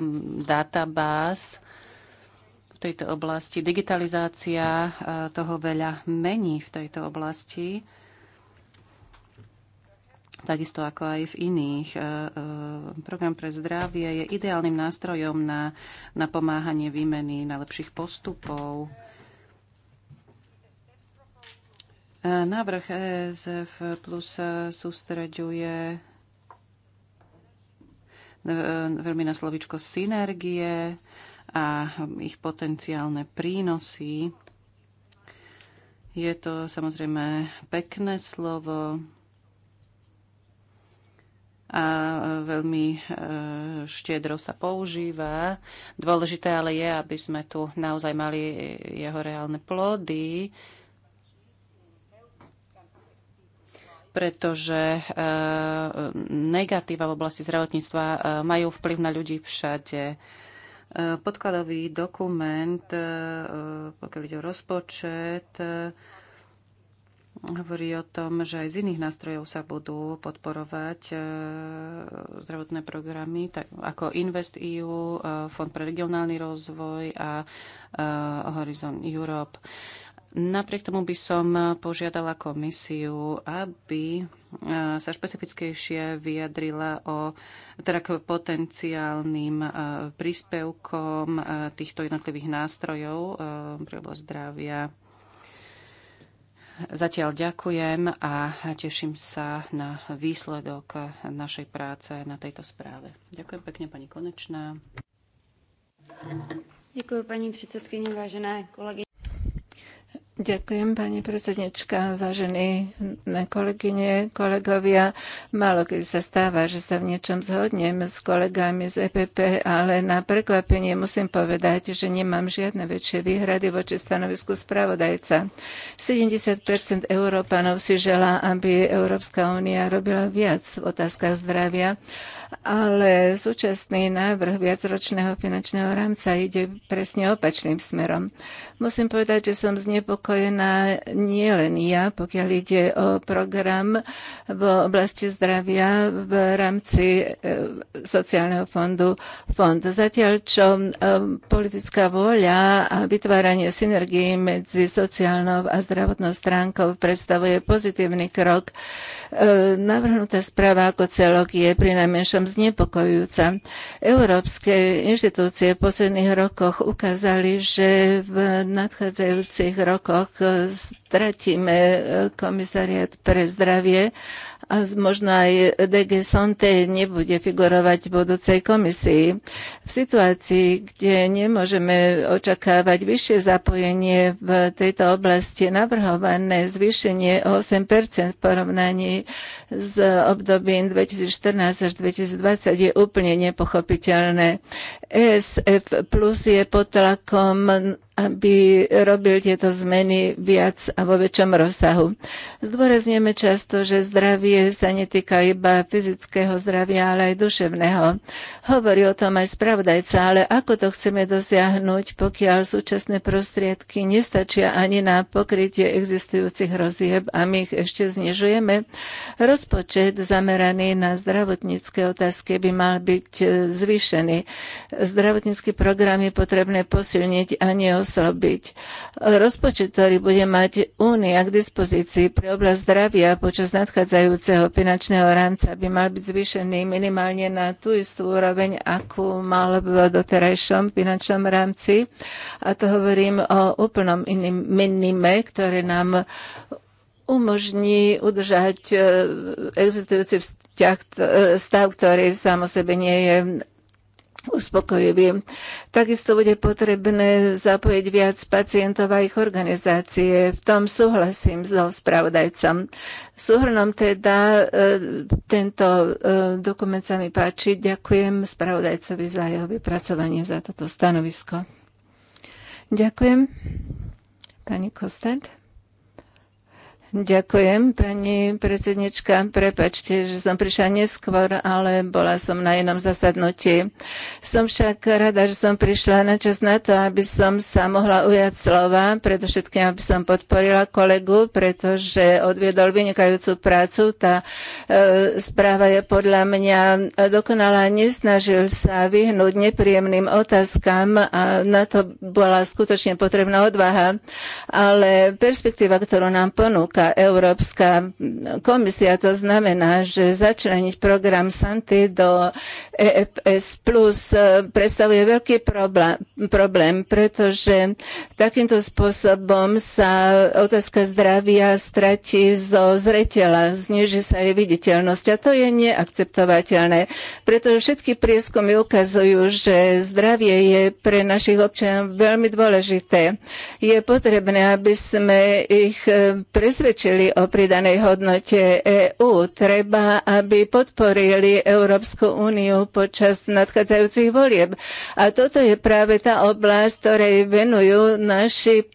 um, databáz v tejto oblasti. Digitalizácia uh, toho veľa mení v tejto oblasti takisto ako aj v iných. E, e, program pre zdravie je ideálnym nástrojom na, na pomáhanie výmeny najlepších postupov. E, návrh ESF plus sústreďuje veľmi na slovičko synergie a ich potenciálne prínosy. Je to samozrejme pekné slovo, a veľmi e, štiedro sa používa. Dôležité ale je, aby sme tu naozaj mali jeho reálne plody, pretože e, negatíva v oblasti zdravotníctva e, majú vplyv na ľudí všade. Podkladový dokument, pokiaľ ide o rozpočet, hovorí o tom, že aj z iných nástrojov sa budú podporovať e, zdravotné programy, tak ako Invest EU, e, Fond pre regionálny rozvoj a e, Horizon Europe. Napriek tomu by som požiadala komisiu, aby sa špecifickejšie vyjadrila o teda k potenciálnym príspevkom týchto jednotlivých nástrojov pre oblasť zdravia Zatiaľ ďakujem a teším sa na výsledok našej práce na tejto správe. Ďakujem pekne pani Konečná. Ďakujem pani predsedkyni, vážené kolegy. Ďakujem, pani predsednička, vážení kolegyne, kolegovia. Málo keď sa stáva, že sa v niečom zhodnem s kolegami z EPP, ale na prekvapenie musím povedať, že nemám žiadne väčšie výhrady voči stanovisku spravodajca. 70 Európanov si želá, aby Európska únia robila viac v otázkach zdravia ale súčasný návrh viacročného finančného rámca ide presne opačným smerom. Musím povedať, že som znepokojená nielen ja, pokiaľ ide o program v oblasti zdravia v rámci e, sociálneho fondu fond. Zatiaľ, čo e, politická vôľa a vytváranie synergií medzi sociálnou a zdravotnou stránkou predstavuje pozitívny krok, e, navrhnutá správa ako celok je pri najmenšom celkom znepokojujúca. Európske inštitúcie v posledných rokoch ukázali, že v nadchádzajúcich rokoch stratíme eh, komisariat pre zdravie a možno aj DG Sonte nebude figurovať v budúcej komisii. V situácii, kde nemôžeme očakávať vyššie zapojenie v tejto oblasti, navrhované zvýšenie o 8% v porovnaní s obdobím 2014 až 2020 je úplne nepochopiteľné. ESF plus je pod tlakom aby robil tieto zmeny viac a vo väčšom rozsahu. Zdôrazňujeme často, že zdravie sa netýka iba fyzického zdravia, ale aj duševného. Hovorí o tom aj spravodajca, ale ako to chceme dosiahnuť, pokiaľ súčasné prostriedky nestačia ani na pokrytie existujúcich rozieb a my ich ešte znižujeme? Rozpočet zameraný na zdravotnícke otázky by mal byť e, zvýšený. Zdravotnícky program je potrebné posilniť a nie musel byť. Rozpočet, ktorý bude mať Únia k dispozícii pre oblasť zdravia počas nadchádzajúceho finančného rámca, by mal byť zvýšený minimálne na tú istú úroveň, akú mal v doterajšom finančnom rámci. A to hovorím o úplnom iným minime, ktoré nám umožní udržať eh, existujúci vzťah, eh, stav, ktorý sám o sebe nie je uspokojivý. Takisto bude potrebné zapojiť viac pacientov a ich organizácie. V tom súhlasím so spravodajcom. Súhrnom teda e, tento e, dokument sa mi páči. Ďakujem spravodajcovi za jeho vypracovanie, za toto stanovisko. Ďakujem. Pani Kostet. Ďakujem, pani predsednička. Prepačte, že som prišla neskôr, ale bola som na inom zasadnutí. Som však rada, že som prišla na čas na to, aby som sa mohla ujať slova, predovšetkým, aby som podporila kolegu, pretože odviedol vynikajúcu prácu. Tá e, správa je podľa mňa dokonalá. Nesnažil sa vyhnúť nepríjemným otázkam a na to bola skutočne potrebná odvaha. Ale perspektíva, ktorú nám ponúka, rozhodla Európska komisia. To znamená, že začleniť program Santy do EFS Plus eh, predstavuje veľký problém, pretože takýmto spôsobom sa otázka zdravia stratí zo zreteľa, zniží sa jej viditeľnosť a to je neakceptovateľné, pretože všetky prieskumy ukazujú, že zdravie je pre našich občanov veľmi dôležité. Je potrebné, aby sme ich eh, presvedčili, presvedčili o pridanej hodnote EÚ. Treba, aby podporili Európsku úniu počas nadchádzajúcich volieb. A toto je práve tá oblasť, ktorej venujú naši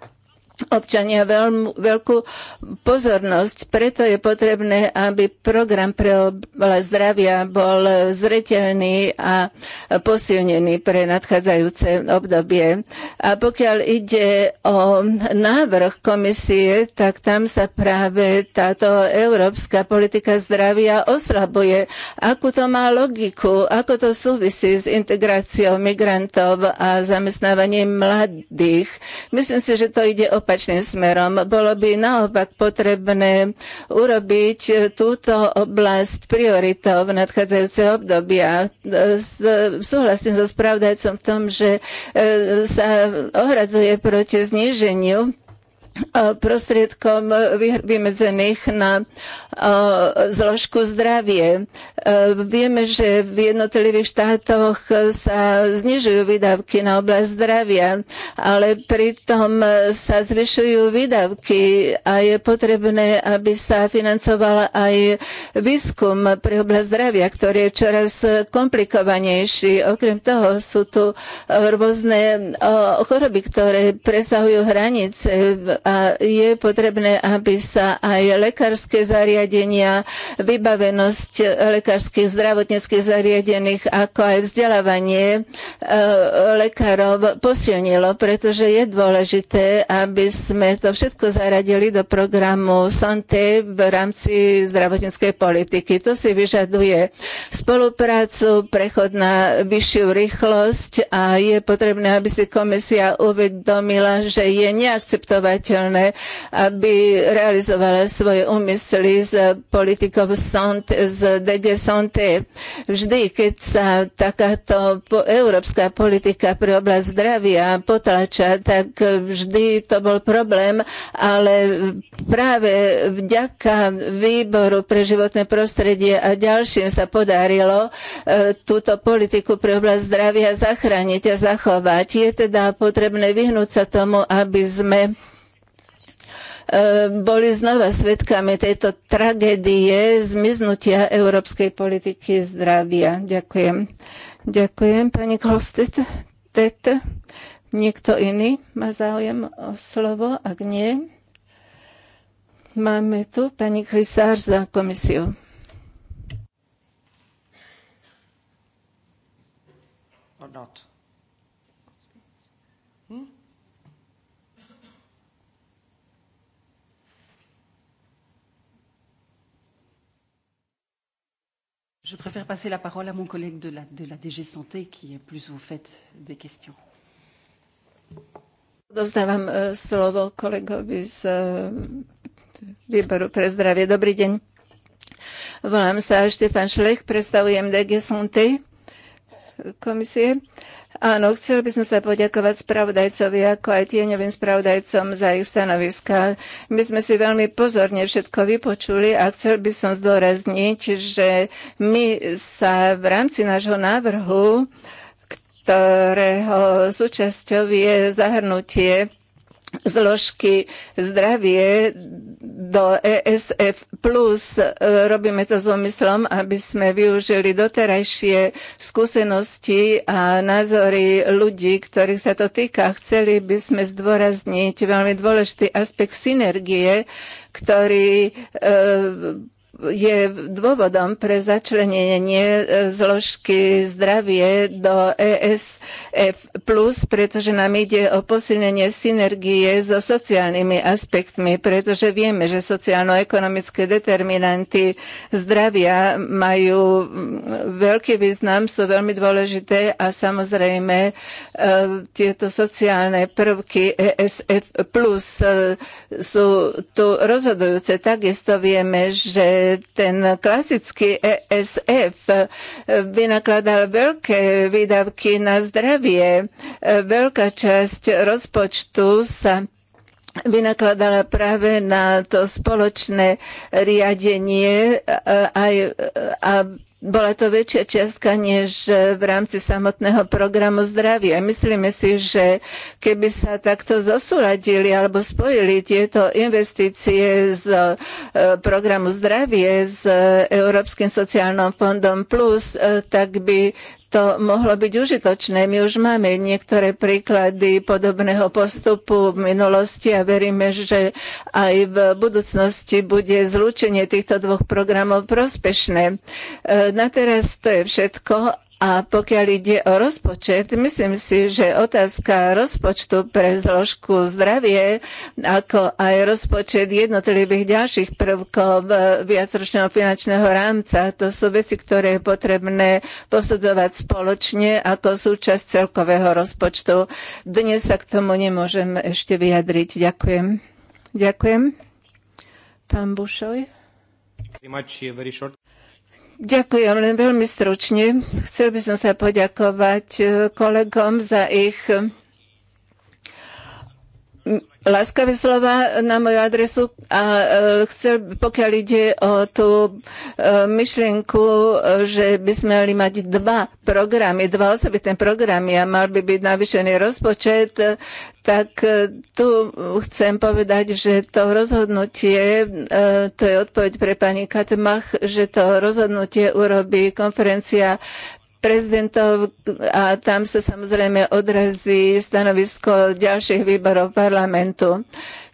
občania veľmi, veľkú pozornosť. Preto je potrebné, aby program pre oblasť zdravia bol zreteľný a posilnený pre nadchádzajúce obdobie. A pokiaľ ide o návrh komisie, tak tam sa práve táto európska politika zdravia oslabuje. Akú to má logiku? Ako to súvisí s integráciou migrantov a zamestnávaním mladých? Myslím si, že to ide o opačným smerom. Bolo by naopak potrebné urobiť túto oblasť prioritou v nadchádzajúce obdobia. Súhlasím so spravodajcom v tom, že e, sa ohradzuje proti zníženiu E, prostriedkom vymedzených na e, zložku zdravie. E, vieme, že v jednotlivých štátoch sa znižujú výdavky na oblasť zdravia, ale pritom sa zvyšujú výdavky a je potrebné, aby sa financoval aj výskum pre oblasť zdravia, ktorý je čoraz komplikovanejší. Okrem toho sú tu rôzne choroby, ktoré presahujú hranice a je potrebné, aby sa aj lekárske zariadenia, vybavenosť lekárskych zdravotníckých zariadených, ako aj vzdelávanie e, lekárov posilnilo, pretože je dôležité, aby sme to všetko zaradili do programu Santé v rámci zdravotníckej politiky. To si vyžaduje spoluprácu, prechod na vyššiu rýchlosť a je potrebné, aby si komisia uvedomila, že je neakceptovateľné priateľné, aby realizovala svoje úmysly z politikou Sante, z DG Sante. Vždy, keď sa takáto európska politika pre oblasť zdravia potlača, tak vždy to bol problém, ale práve vďaka výboru pre životné prostredie a ďalším sa podarilo e, túto politiku pre oblasť zdravia zachrániť a zachovať. Je teda potrebné vyhnúť sa tomu, aby sme Ehm, boli znova svedkami tejto tragédie zmiznutia európskej politiky zdravia. Ďakujem. Ďakujem, pani Kostet. Niekto iný má záujem o slovo? Ak nie, máme tu pani Krysár za komisiu. Je préfère passer la parole à mon collègue de la, de la DG Santé qui est plus au fait des questions. Dostávam uh, eh, slovo kolegovi z uh, výboru pre zdravie. Dobrý deň. Volám sa Štefan Šlech, predstavujem DG Santé eh, komisie. Uh, Áno, chcel by som sa poďakovať spravodajcovi, ako aj tieňovým spravodajcom za ich stanoviska. My sme si veľmi pozorne všetko vypočuli a chcel by som zdôrazniť, že my sa v rámci nášho návrhu ktorého súčasťou je zahrnutie zložky zdravie do ESF+. Plus. E, robíme to s úmyslom, aby sme využili doterajšie skúsenosti a názory ľudí, ktorých sa to týka. Chceli by sme zdôrazniť veľmi dôležitý aspekt synergie, ktorý e, je dôvodom pre začlenenie zložky zdravie do ESF+, pretože nám ide o posilnenie synergie so sociálnymi aspektmi, pretože vieme, že sociálno-ekonomické determinanty zdravia majú veľký význam, sú veľmi dôležité a samozrejme e, tieto sociálne prvky ESF+, e, sú tu rozhodujúce. Takisto vieme, že ten klasický ESF eh, vynakladal veľké výdavky na zdravie. Eh, veľká časť rozpočtu sa vynakladala práve na to spoločné riadenie aj, a bola to väčšia čiastka než v rámci samotného programu zdravia. Myslíme si, že keby sa takto zosúladili alebo spojili tieto investície z e, programu zdravie s Európskym sociálnym fondom plus, e, tak by to mohlo byť užitočné. My už máme niektoré príklady podobného postupu v minulosti a veríme, že aj v budúcnosti bude zlúčenie týchto dvoch programov prospešné. E, na teraz to je všetko a pokiaľ ide o rozpočet, myslím si, že otázka rozpočtu pre zložku zdravie, ako aj rozpočet jednotlivých ďalších prvkov viacročného finančného rámca, to sú veci, ktoré je potrebné posudzovať spoločne ako súčasť celkového rozpočtu. Dnes sa k tomu nemôžem ešte vyjadriť. Ďakujem. Ďakujem. Pán Bušoj. Ďakujem len veľmi stručne. Chcel by som sa poďakovať eh, kolegom za ich láskavé slova na moju adresu a e, chcel, pokiaľ ide o tú e, myšlienku, e, že by sme mali mať dva programy, dva osobitné programy a mal by byť navýšený rozpočet, tak tu chcem povedať, že to rozhodnutie, to je odpoveď pre pani Katmach, že to rozhodnutie urobí konferencia prezidentov a tam sa samozrejme odrazí stanovisko ďalších výborov parlamentu.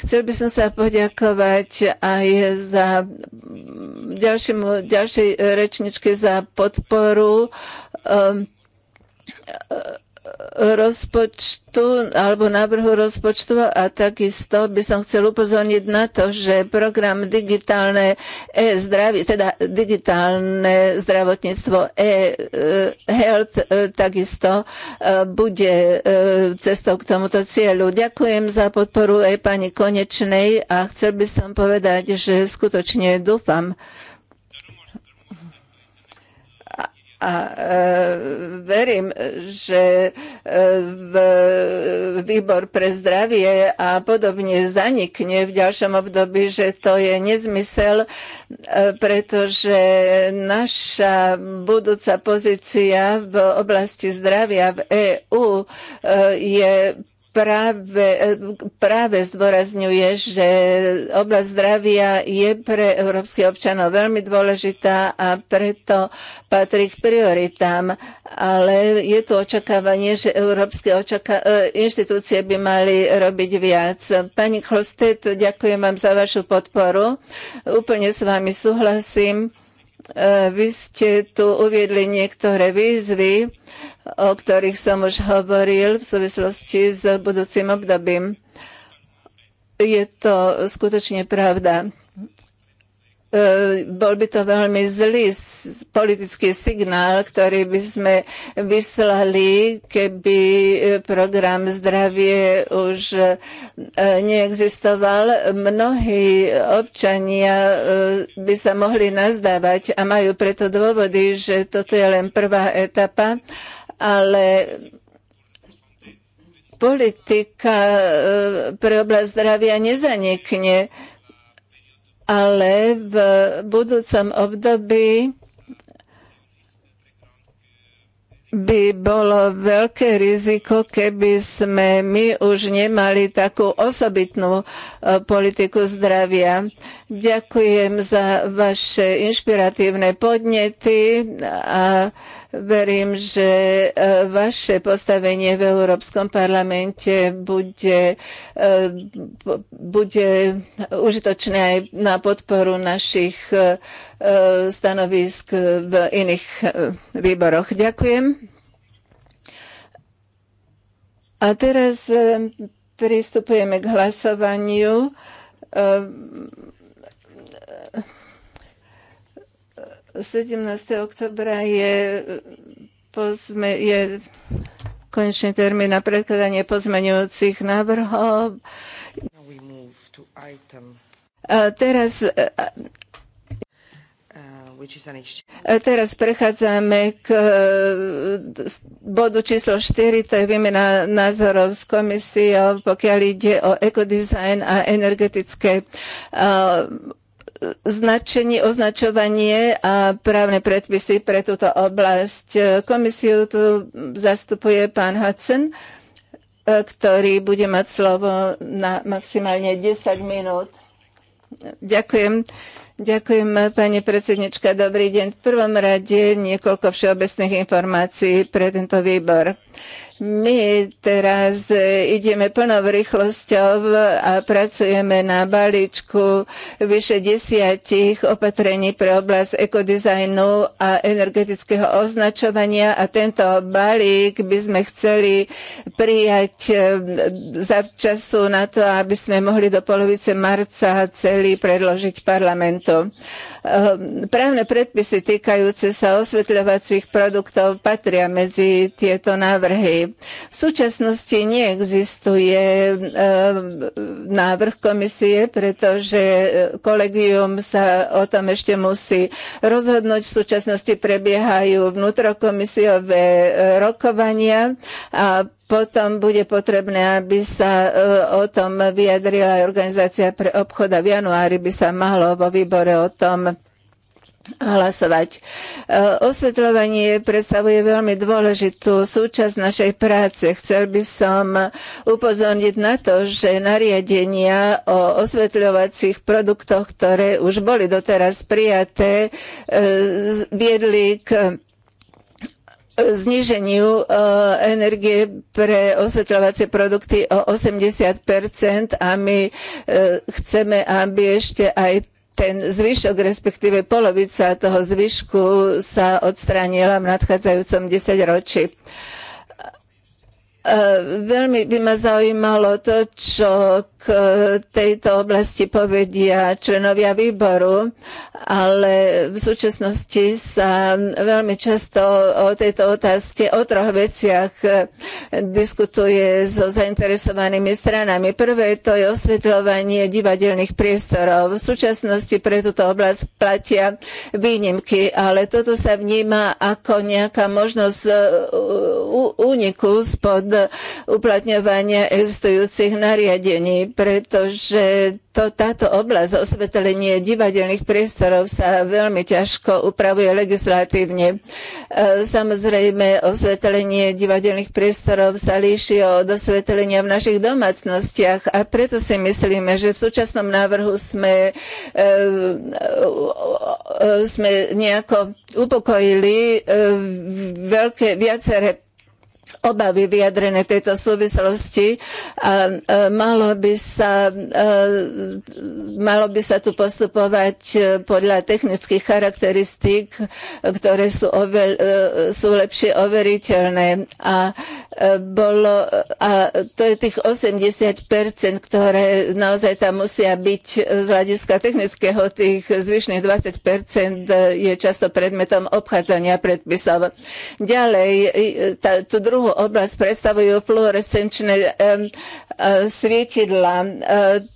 Chcel by som sa poďakovať aj za mm, ďalšiemu, ďalšej rečničke za podporu um, rozpočtu alebo návrhu rozpočtu a takisto by som chcel upozorniť na to, že program digitálne e zdravie, teda digitálne zdravotníctvo e-health e, takisto e, bude e, cestou k tomuto cieľu. Ďakujem za podporu aj pani Konečnej a chcel by som povedať, že skutočne dúfam, A e, verím, že e, v, e, výbor pre zdravie a podobne zanikne v ďalšom období, že to je nezmysel, e, pretože naša budúca pozícia v oblasti zdravia v EÚ e, je práve, práve zdôrazňuje, že oblasť zdravia je pre európskych občanov veľmi dôležitá a preto patrí k prioritám. Ale je tu očakávanie, že európske očaká... E, inštitúcie by mali robiť viac. Pani Klostet, ďakujem vám za vašu podporu. Úplne s vami súhlasím. E, vy ste tu uviedli niektoré výzvy o ktorých som už hovoril v súvislosti s budúcim obdobím. Je to skutočne pravda. E, bol by to veľmi zlý politický signál, ktorý by sme vyslali, keby e, program zdravie už e, neexistoval. Mnohí občania by sa mohli nazdávať a majú preto dôvody, že toto je len prvá etapa ale politika e, pre oblasť zdravia nezanikne, ale v budúcom období by bolo veľké riziko, keby sme my už nemali takú osobitnú e, politiku zdravia. Ďakujem za vaše inšpiratívne podnety a Verím, že e, vaše postavenie v Európskom parlamente bude, e, bude užitočné aj na podporu našich e, stanovisk v iných výboroch. Ďakujem. A teraz pristupujeme k hlasovaniu. 17. oktobra je, pozme, je konečný termín na predkladanie pozmeňujúcich návrhov. teraz e, uh, Teraz prechádzame k e, bodu číslo 4, to je výmena názorov z komisiou, pokiaľ ide o ekodizajn a energetické uh, značenie, označovanie a právne predpisy pre túto oblasť. Komisiu tu zastupuje pán Hudson, ktorý bude mať slovo na maximálne 10 minút. Ďakujem. Ďakujem, pani predsednička. Dobrý deň. V prvom rade niekoľko všeobecných informácií pre tento výbor. Uh, my teraz ideme plnou rýchlosťou a pracujeme na balíčku vyše desiatich opatrení pre oblasť ekodizajnu a energetického označovania a tento balík by sme chceli prijať eh, za času na to, aby sme mohli do polovice marca celý predložiť parlamentu. Eh, právne predpisy týkajúce sa osvetľovacích produktov patria medzi tieto návrhy. V súčasnosti neexistuje eh, návrh komisie, pretože eh, kolegium sa o tom ešte musí rozhodnúť. V súčasnosti prebiehajú vnútrokomisiové eh, rokovania a potom bude potrebné, aby sa o tom vyjadrila aj Organizácia pre obchod a v januári by sa malo vo výbore o tom hlasovať. E, osvetľovanie predstavuje veľmi dôležitú súčasť našej práce. Chcel by som upozorniť na to, že nariadenia o osvetľovacích produktoch, ktoré už boli doteraz prijaté, e, viedli k zníženiu e, energie pre osvetľovacie produkty o 80 a my chceme, aby ešte aj ten zvyšok, respektíve polovica toho zvyšku sa odstránila v nadchádzajúcom desaťročí. E, veľmi by ma zaujímalo to, čo E, tejto oblasti povedia členovia výboru, ale v súčasnosti sa veľmi často o tejto otázke, o troch veciach diskutuje so zainteresovanými stranami. Prvé to je osvetľovanie divadelných priestorov. V súčasnosti pre túto oblasť platia výnimky, ale toto sa vníma ako nejaká možnosť e, úniku spod uplatňovania existujúcich nariadení pretože to, táto oblasť osvetlenie divadelných priestorov sa veľmi ťažko upravuje legislatívne. E, samozrejme, osvetlenie divadelných priestorov sa líši od osvetlenia v našich domácnostiach a preto si myslíme, že v súčasnom návrhu sme, e, e, sme nejako upokojili veľké, viaceré obavy vyjadrené v tejto súvislosti a e, malo by sa, e, malo by sa tu postupovať e, podľa technických charakteristík, ktoré sú, oveľ, sú lepšie overiteľné. A, bolo, a to je tých 80%, ktoré naozaj tam musia byť z hľadiska technického, tých zvyšných 20% je často predmetom obchádzania predpisov. Ďalej, tá, tú druhú oblasť predstavujú fluorescenčné svietidla.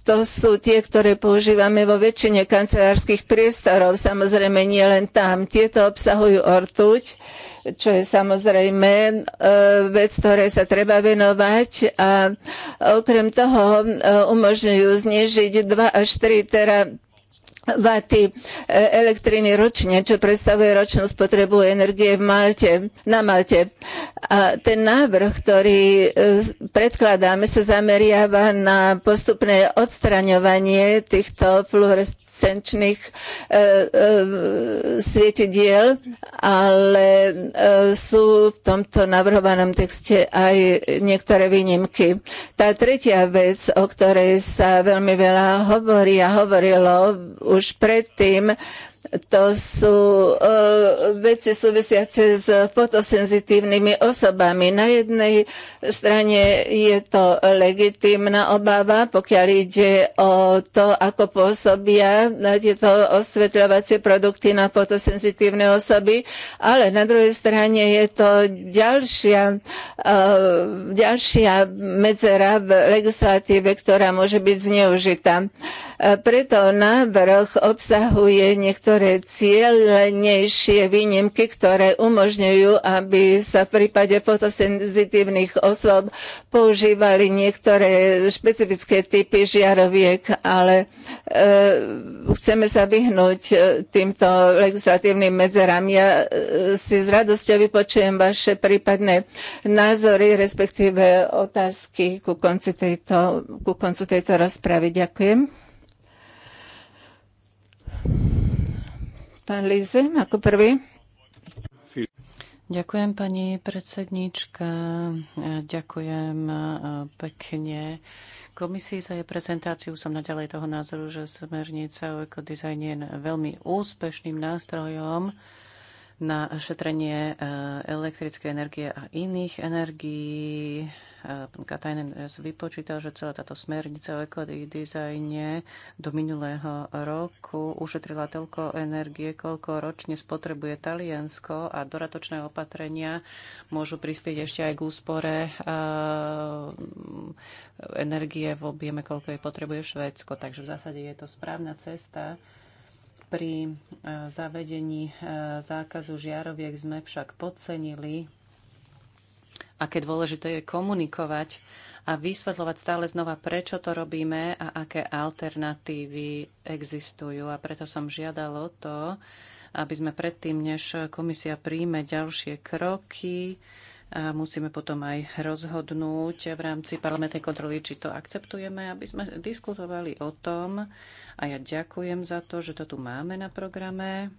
To sú tie, ktoré používame vo väčšine kancelárskych priestorov, samozrejme nie len tam. Tieto obsahujú ortuť čo je samozrejme vec, ktoré sa treba venovať a okrem toho umožňujú znižiť 2 až 3 tera vaty e, elektriny ročne, čo predstavuje ročnú spotrebu energie v Malte, na Malte. A ten návrh, ktorý e, predkladáme, sa zameriava na postupné odstraňovanie týchto fluorescentných fluorescenčných e, e, svietidiel, ale e, sú v tomto navrhovanom texte aj niektoré výnimky. Tá tretia vec, o ktorej sa veľmi veľa hovorí a hovorilo už predtým, to sú e, veci súvisiace s fotosenzitívnymi osobami. Na jednej strane je to legitímna obava, pokiaľ ide o to, ako pôsobia tieto osvetľovacie produkty na fotosenzitívne osoby, ale na druhej strane je to ďalšia, e, ďalšia medzera v legislatíve, ktorá môže byť zneužitá. E, preto návrh obsahuje niektoré cieľnejšie výnimky, ktoré umožňujú, aby sa v prípade fotosenzitívnych osôb používali niektoré špecifické typy žiaroviek, ale e, chceme sa vyhnúť e, týmto legislatívnym medzerám. Ja e, si s radosťou vypočujem vaše prípadné názory, respektíve otázky ku koncu tejto, ku koncu tejto rozpravy. Ďakujem. Pán ako prvý. Ďakujem, pani predsednička. Ďakujem e, pekne komisii za jej prezentáciu. Som naďalej toho názoru, že smernica o ekodizajne je veľmi úspešným nástrojom na šetrenie e, elektrickej energie a iných energií Katajnen vypočítal, že celá táto smernica o ekodizajne do minulého roku ušetrila toľko energie, koľko ročne spotrebuje Taliansko a doratočné opatrenia môžu prispieť ešte aj k úspore mm, energie v objeme, koľko jej potrebuje Švédsko. Takže v zásade je to správna cesta. Pri zavedení zákazu žiaroviek sme však podcenili aké dôležité je komunikovať a vysvetľovať stále znova, prečo to robíme a aké alternatívy existujú. A preto som žiadalo to, aby sme predtým, než komisia príjme ďalšie kroky, a musíme potom aj rozhodnúť v rámci parlamentnej kontroly, či to akceptujeme, aby sme diskutovali o tom. A ja ďakujem za to, že to tu máme na programe.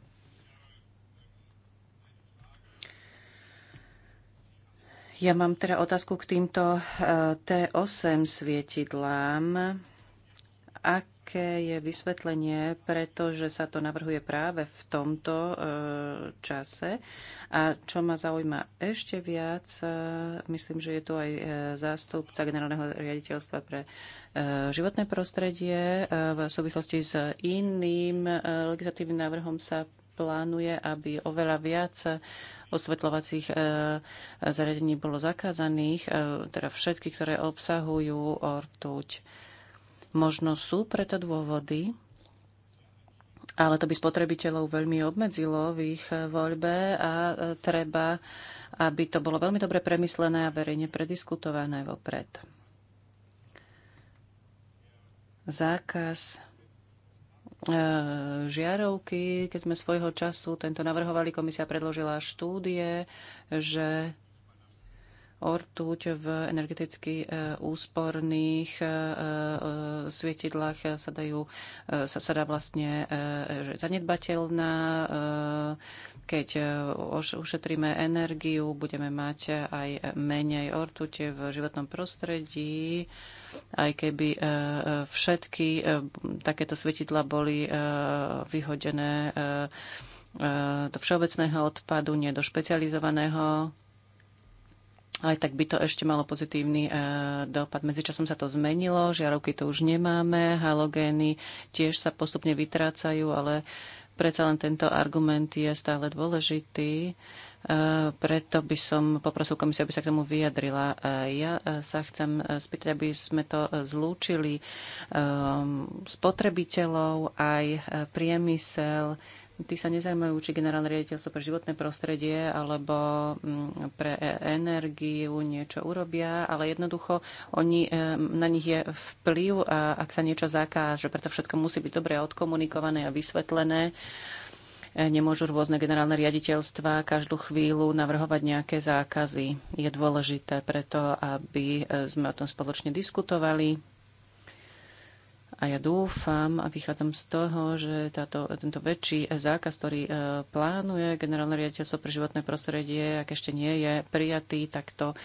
Ja mám teda otázku k týmto eh, T8 svietidlám. Aké je vysvetlenie, pretože sa to navrhuje práve v tomto eh, čase? A čo ma zaujíma ešte viac, eh, myslím, že je tu aj zástupca generálneho riaditeľstva pre životné prostredie. V súvislosti s iným legislatívnym návrhom sa plánuje, aby oveľa viac osvetľovacích e, zariadení bolo zakázaných, e, teda všetky, ktoré obsahujú ortuť. Možno sú preto dôvody, ale to by spotrebiteľov veľmi obmedzilo v ich e, voľbe a treba, aby to bolo veľmi dobre premyslené a verejne prediskutované vopred. Zákaz E, žiarovky, keď sme svojho času tento navrhovali, komisia predložila štúdie, že ortuť v energeticky e, úsporných e, svietidlách sa, dajú, sa, sa dá vlastne zanedbateľná. Keď ušetríme energiu, budeme mať aj menej ortuť v životnom prostredí aj keby e, e, všetky e, takéto svetidla boli vyhodené do všeobecného odpadu, nie do špecializovaného, aj tak by to ešte malo pozitívny dopad. Medzičasom sa to zmenilo, žiarovky to už nemáme, halogény tiež sa postupne vytrácajú, ale predsa len tento argument je stále dôležitý, e, preto by som poprosil komisiu, aby sa k tomu vyjadrila. E, ja e, sa chcem spýtať, aby sme to zlúčili spotrebiteľov aj priemysel, tí sa nezajímajú, či generálne riaditeľstvo pre životné prostredie alebo mm, pre e- energiu niečo urobia, ale jednoducho oni, e, na nich je vplyv, ak sa niečo zakáže. Preto všetko musí byť dobre odkomunikované a vysvetlené. E, nemôžu rôzne generálne riaditeľstva každú chvíľu navrhovať nejaké zákazy. Je dôležité preto, aby sme o tom spoločne diskutovali a ja dúfam a vychádzam z toho, že táto, tento väčší zákaz, ktorý e, plánuje generálne riaditeľstvo pre životné prostredie, ak ešte nie je prijatý, tak to e,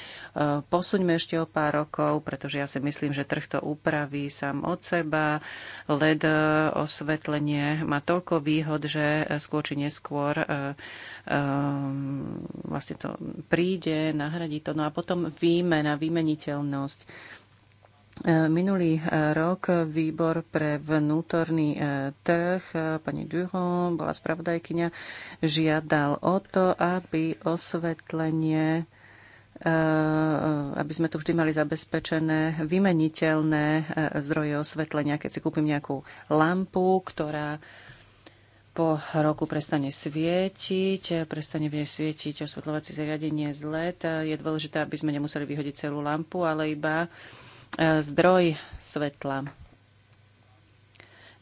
posuňme ešte o pár rokov, pretože ja si myslím, že trh to upraví sám od seba. LED e, osvetlenie má toľko výhod, že skôr či neskôr vlastne to príde, nahradí to. No a potom výmena, výmeniteľnosť. E, minulý e, rok výbor pre vnútorný e, trh, pani Duhon, bola spravodajkyňa, žiadal o to, aby osvetlenie aby sme tu vždy mali zabezpečené vymeniteľné zdroje osvetlenia. Keď si kúpim nejakú lampu, ktorá po roku prestane svietiť, prestane v nej svietiť osvetľovacie zariadenie z LED, je dôležité, aby sme nemuseli vyhodiť celú lampu, ale iba E, zdroj svetla.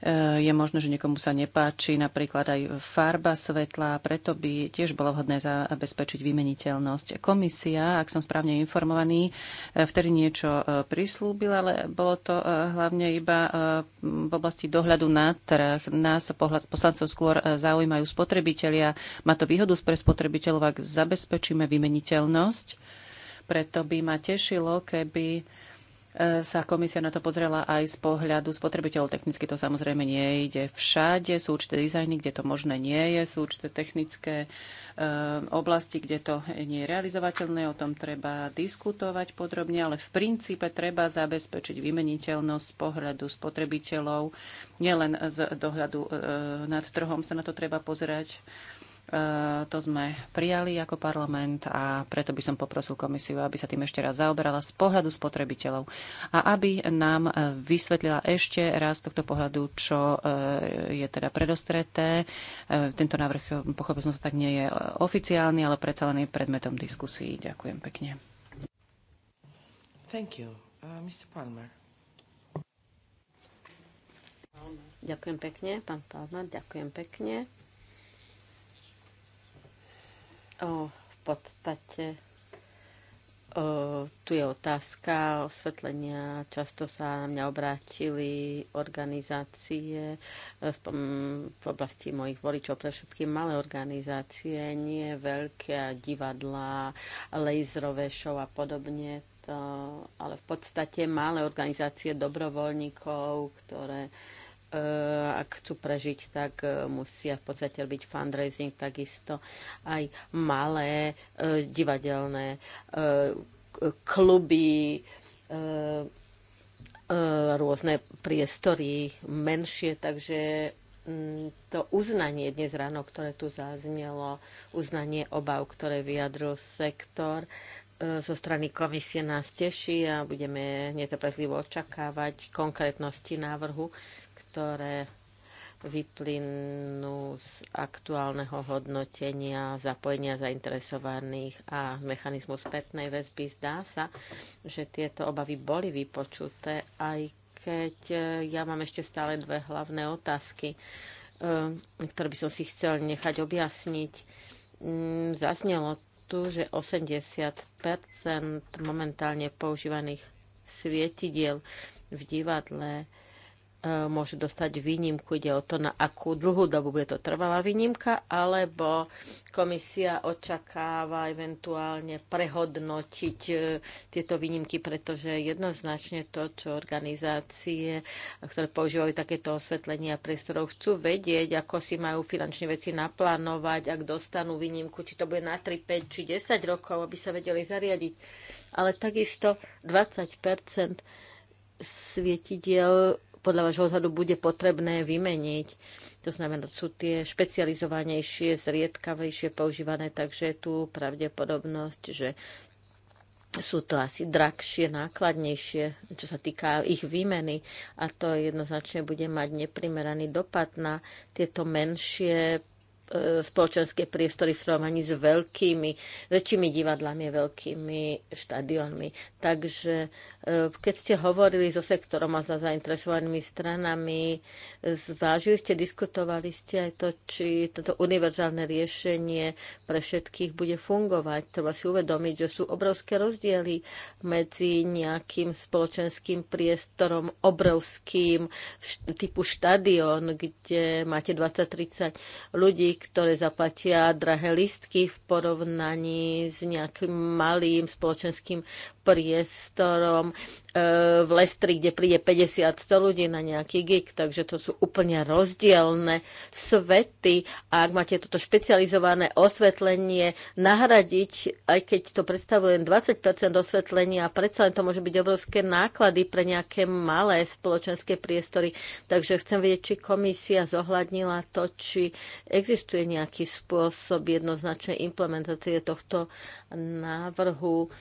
E, je možné, že niekomu sa nepáči napríklad aj farba svetla, preto by tiež bolo vhodné zabezpečiť vymeniteľnosť. Komisia, ak som správne informovaný, e, vtedy niečo prislúbila, ale bolo to hlavne iba v oblasti dohľadu na trh. Nás pohľad poslancov skôr zaujímajú spotrebitelia. Má to výhodu pre spotrebiteľov, ak zabezpečíme vymeniteľnosť. Preto by ma tešilo, keby E, sa komisia na to pozrela aj z pohľadu spotrebiteľov. Technicky to samozrejme nie ide všade. Sú určité dizajny, kde to možné nie je. Sú určité technické e, oblasti, kde to nie je realizovateľné. O tom treba diskutovať podrobne, ale v princípe treba zabezpečiť vymeniteľnosť z pohľadu spotrebiteľov. Nielen z dohľadu e, nad trhom sa na to treba pozerať, Eh, to sme prijali ako parlament a preto by som poprosil komisiu, aby sa tým ešte raz zaoberala z pohľadu spotrebiteľov a aby nám eh, vysvetlila ešte raz z tohto pohľadu, čo eh, je teda predostreté. Tento návrh, pochopil som to tak, nie je oficiálny, ale predsa len je predmetom diskusí. Ďakujem pekne. Thank you. Uh, Mr. Palmer. Ďakujem pekne, pán Palmer, ďakujem pekne. O, v podstate o, tu je otázka osvetlenia. Často sa na mňa obrátili organizácie e, v, oblasti mojich voličov, pre všetky malé organizácie, nie veľké divadla, laserové show a podobne. To, ale v podstate malé organizácie dobrovoľníkov, ktoré uh, Eh, ak chcú prežiť, tak eh, musia v podstate robiť fundraising takisto aj malé eh, divadelné kluby, rôzne priestory menšie, takže mm, to uznanie dnes ráno, ktoré tu zaznelo, uznanie obav, ktoré vyjadril sektor, zo strany komisie nás teší a budeme netrpezlivo očakávať konkrétnosti návrhu ktoré vyplynú z aktuálneho hodnotenia zapojenia zainteresovaných a mechanizmu spätnej väzby. Zdá sa, že tieto obavy boli vypočuté, aj keď e, ja mám ešte stále dve hlavné otázky, e, ktoré by som si chcel nechať objasniť. Mm, zaznelo tu, že 80 momentálne používaných svietidiel v divadle E, môže dostať výnimku, ide o to, na akú dlhú dobu bude to trvalá výnimka, alebo komisia očakáva eventuálne prehodnotiť e, tieto výnimky, pretože jednoznačne to, čo organizácie, ktoré používajú takéto osvetlenia priestorov, chcú vedieť, ako si majú finančné veci naplánovať, ak dostanú výnimku, či to bude na 3, 5 či 10 rokov, aby sa vedeli zariadiť. Ale takisto 20 svietidiel podľa vášho odhadu bude potrebné vymeniť. To znamená, sú tie špecializovanejšie, zriedkavejšie používané, takže je tu pravdepodobnosť, že sú to asi drahšie, nákladnejšie, čo sa týka ich výmeny a to jednoznačne bude mať neprimeraný dopad na tieto menšie E, spoločenské priestory v srovnaní s veľkými, väčšími divadlami, veľkými štadiónmi. Takže e, keď ste hovorili so sektorom a za zainteresovanými stranami, zvážili ste, diskutovali ste aj to, či toto univerzálne riešenie pre všetkých bude fungovať. Treba si uvedomiť, že sú obrovské rozdiely medzi nejakým spoločenským priestorom obrovským typu štadión, kde máte 20-30 ľudí, ktoré zaplatia drahé listky v porovnaní s nejakým malým spoločenským priestorom, E, v Lestri, kde príde 50-100 ľudí na nejaký gig, takže to sú úplne rozdielne svety a ak máte toto špecializované osvetlenie nahradiť, aj keď to predstavuje len 20% osvetlenia, a predsa len to môže byť obrovské náklady pre nejaké malé spoločenské priestory, takže chcem vedieť, či komisia zohľadnila to, či existuje nejaký spôsob jednoznačnej implementácie tohto návrhu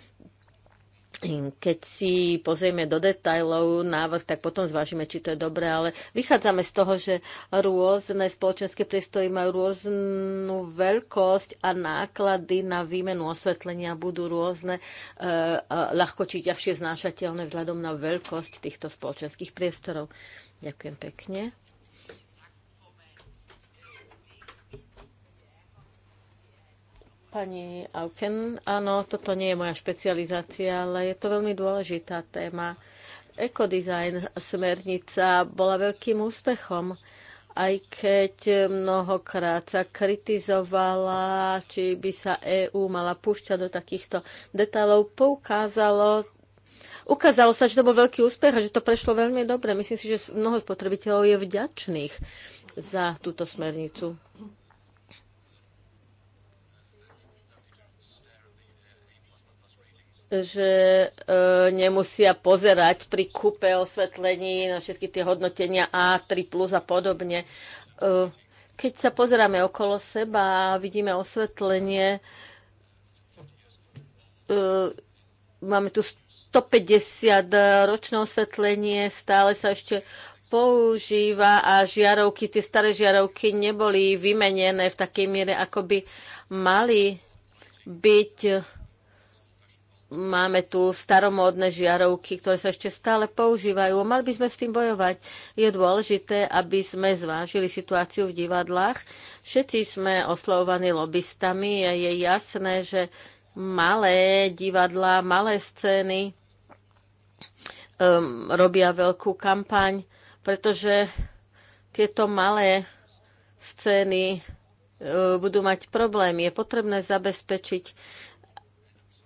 keď si pozrieme do detajlov návrh, tak potom zvážime, či to je dobré, ale vychádzame z toho, že rôzne spoločenské priestory majú rôznu veľkosť a náklady na výmenu osvetlenia budú rôzne, e, e ľahko či ťažšie znášateľné vzhľadom na veľkosť týchto spoločenských priestorov. Ďakujem pekne. Pani Auken, áno, toto nie je moja špecializácia, ale je to veľmi dôležitá téma. Ekodizajn smernica bola veľkým úspechom, aj keď mnohokrát sa kritizovala, či by sa EÚ mala púšťať do takýchto detálov. Poukázalo Ukázalo sa, že to bol veľký úspech a že to prešlo veľmi dobre. Myslím si, že mnoho spotrebiteľov je vďačných za túto smernicu. že e, nemusia pozerať pri kúpe osvetlení na všetky tie hodnotenia A3 plus a podobne. E, keď sa pozeráme okolo seba a vidíme osvetlenie, e, máme tu 150 ročné osvetlenie, stále sa ešte používa a žiarovky, tie staré žiarovky neboli vymenené v takej miere, ako by mali byť Máme tu staromódne žiarovky, ktoré sa ešte stále používajú. Mali by sme s tým bojovať. Je dôležité, aby sme zvážili situáciu v divadlách. Všetci sme oslovovaní lobbystami a je jasné, že malé divadlá, malé scény um, robia veľkú kampaň, pretože tieto malé scény uh, budú mať problémy. Je potrebné zabezpečiť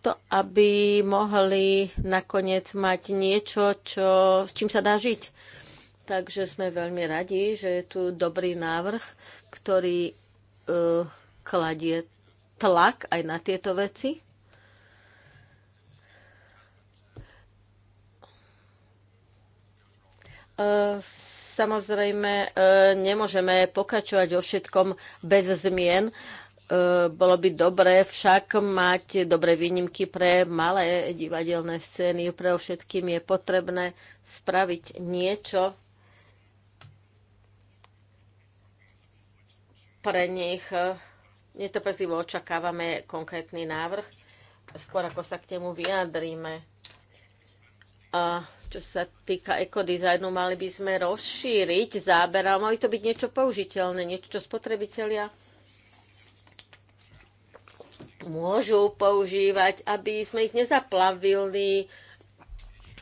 to, aby mohli nakoniec mať niečo, čo, s čím sa dá žiť. Takže sme veľmi radi, že je tu dobrý návrh, ktorý uh, kladie tlak aj na tieto veci. Uh, samozrejme, uh, nemôžeme pokračovať o všetkom bez zmien. Uh, E, bolo by dobré však mať dobré výnimky pre malé divadelné scény. Pre všetkým je potrebné spraviť niečo pre nich. Netrpezivo očakávame konkrétny návrh, skôr ako sa k nemu vyjadríme. A čo sa týka ekodizajnu, mali by sme rozšíriť záber, ale mali to byť niečo použiteľné, niečo, čo spotrebitelia môžu používať, aby sme ich nezaplavili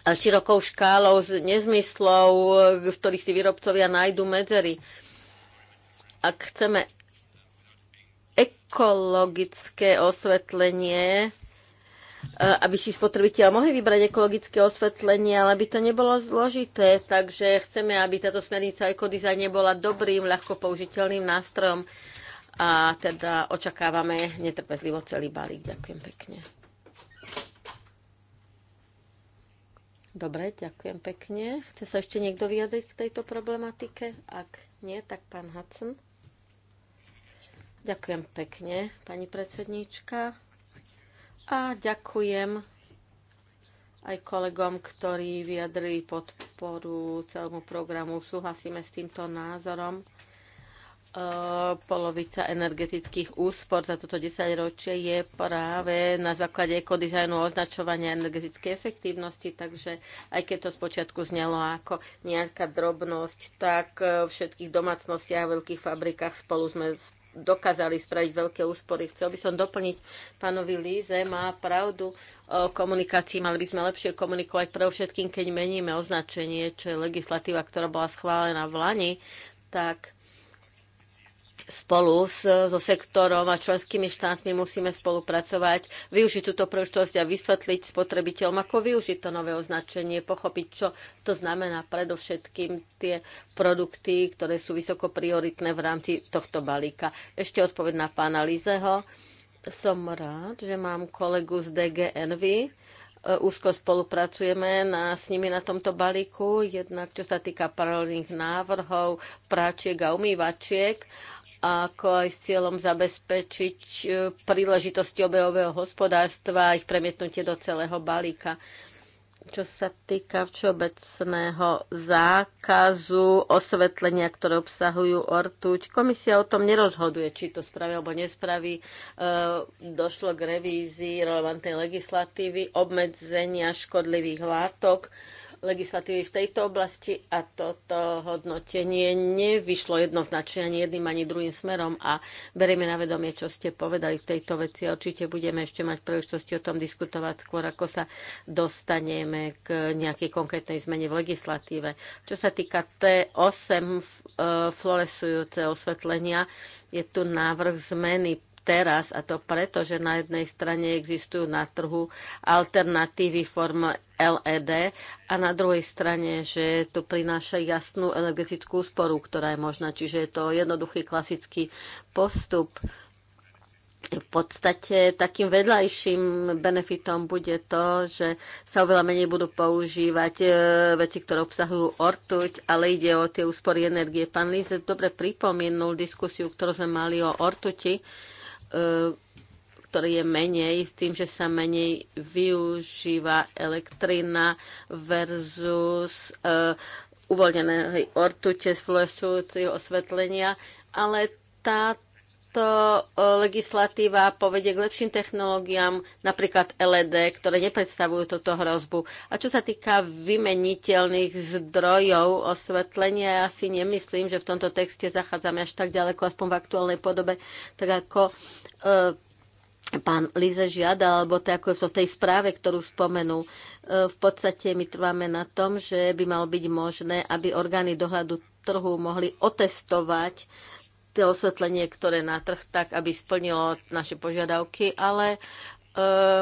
širokou škálou z nezmyslov, v ktorých si výrobcovia nájdú medzery. Ak chceme ekologické osvetlenie, e, aby si spotrebiteľ mohli vybrať ekologické osvetlenie, ale aby to nebolo zložité. Takže chceme, aby táto smernica o ekodizajne bola dobrým, ľahko použiteľným nástrojom a teda očakávame netrpezlivo celý balík. Ďakujem pekne. Dobre, ďakujem pekne. Chce sa ešte niekto vyjadriť k tejto problematike? Ak nie, tak pán Hudson. Ďakujem pekne, pani predsedníčka. A ďakujem aj kolegom, ktorí vyjadrili podporu celému programu. Súhlasíme s týmto názorom Eh, polovica energetických úspor za toto 10 ročie je práve na základe ekodizajnu označovania energetickej efektívnosti, takže aj keď to spočiatku znelo ako nejaká drobnosť, tak eh, v všetkých domácnostiach a veľkých fabrikách spolu sme dokázali spraviť veľké úspory. Chcel by som doplniť pánovi Líze, má pravdu o komunikácii, mali by sme lepšie komunikovať pre všetkým, keď meníme označenie, čo je legislatíva, ktorá bola schválená v Lani, tak spolu s, so sektorom a členskými štátmi musíme spolupracovať, využiť túto príležitosť a vysvetliť spotrebiteľom, ako využiť to nové označenie, pochopiť, čo to znamená predovšetkým tie produkty, ktoré sú vysoko prioritné v rámci tohto balíka. Ešte odpoved na pána Lizeho. Som rád, že mám kolegu z DGNV, e, úzko spolupracujeme na, s nimi na tomto balíku, jednak čo sa týka paralelných návrhov, práčiek a umývačiek ako aj s cieľom zabezpečiť e, príležitosti obehového hospodárstva a ich premietnutie do celého balíka. Čo sa týka všeobecného zákazu osvetlenia, ktoré obsahujú ortuť, komisia o tom nerozhoduje, či to spraví alebo nespraví. E, došlo k revízii relevantnej legislatívy, obmedzenia škodlivých látok legislatívy v tejto oblasti a toto hodnotenie nevyšlo jednoznačne ani jedným, ani druhým smerom a berieme na vedomie, čo ste povedali v tejto veci. Určite budeme ešte mať príležitosti o tom diskutovať skôr, ako sa dostaneme k nejakej konkrétnej zmene v legislatíve. Čo sa týka T8 e, eh, osvetlenia, je tu návrh zmeny teraz, a to preto, že na jednej strane existujú na trhu alternatívy form LED a na druhej strane, že to prináša jasnú energetickú sporu, ktorá je možná. Čiže je to jednoduchý klasický postup v podstate takým vedľajším benefitom bude to, že sa oveľa menej budú používať e, veci, ktoré obsahujú ortuť, ale ide o tie úspory energie. Pán Líze dobre pripomínul diskusiu, ktorú sme mali o ortuti. E, E, ktorý je menej, s tým, že sa menej využíva elektrina versus e, uvoľnené ortute z fluorescujúceho osvetlenia, ale tá táto e, legislatíva povedie k lepším technológiám, napríklad LED, ktoré nepredstavujú túto hrozbu. A čo sa týka vymeniteľných zdrojov osvetlenia, ja si nemyslím, že v tomto texte zachádzame až tak ďaleko, aspoň v aktuálnej podobe, tak ako e, pán Lize žiada, alebo tak ako je v tej správe, ktorú spomenul. E, v podstate my trváme na tom, že by malo byť možné, aby orgány dohľadu trhu mohli otestovať to osvetlenie, ktoré na trh, tak aby splnilo naše požiadavky, ale e,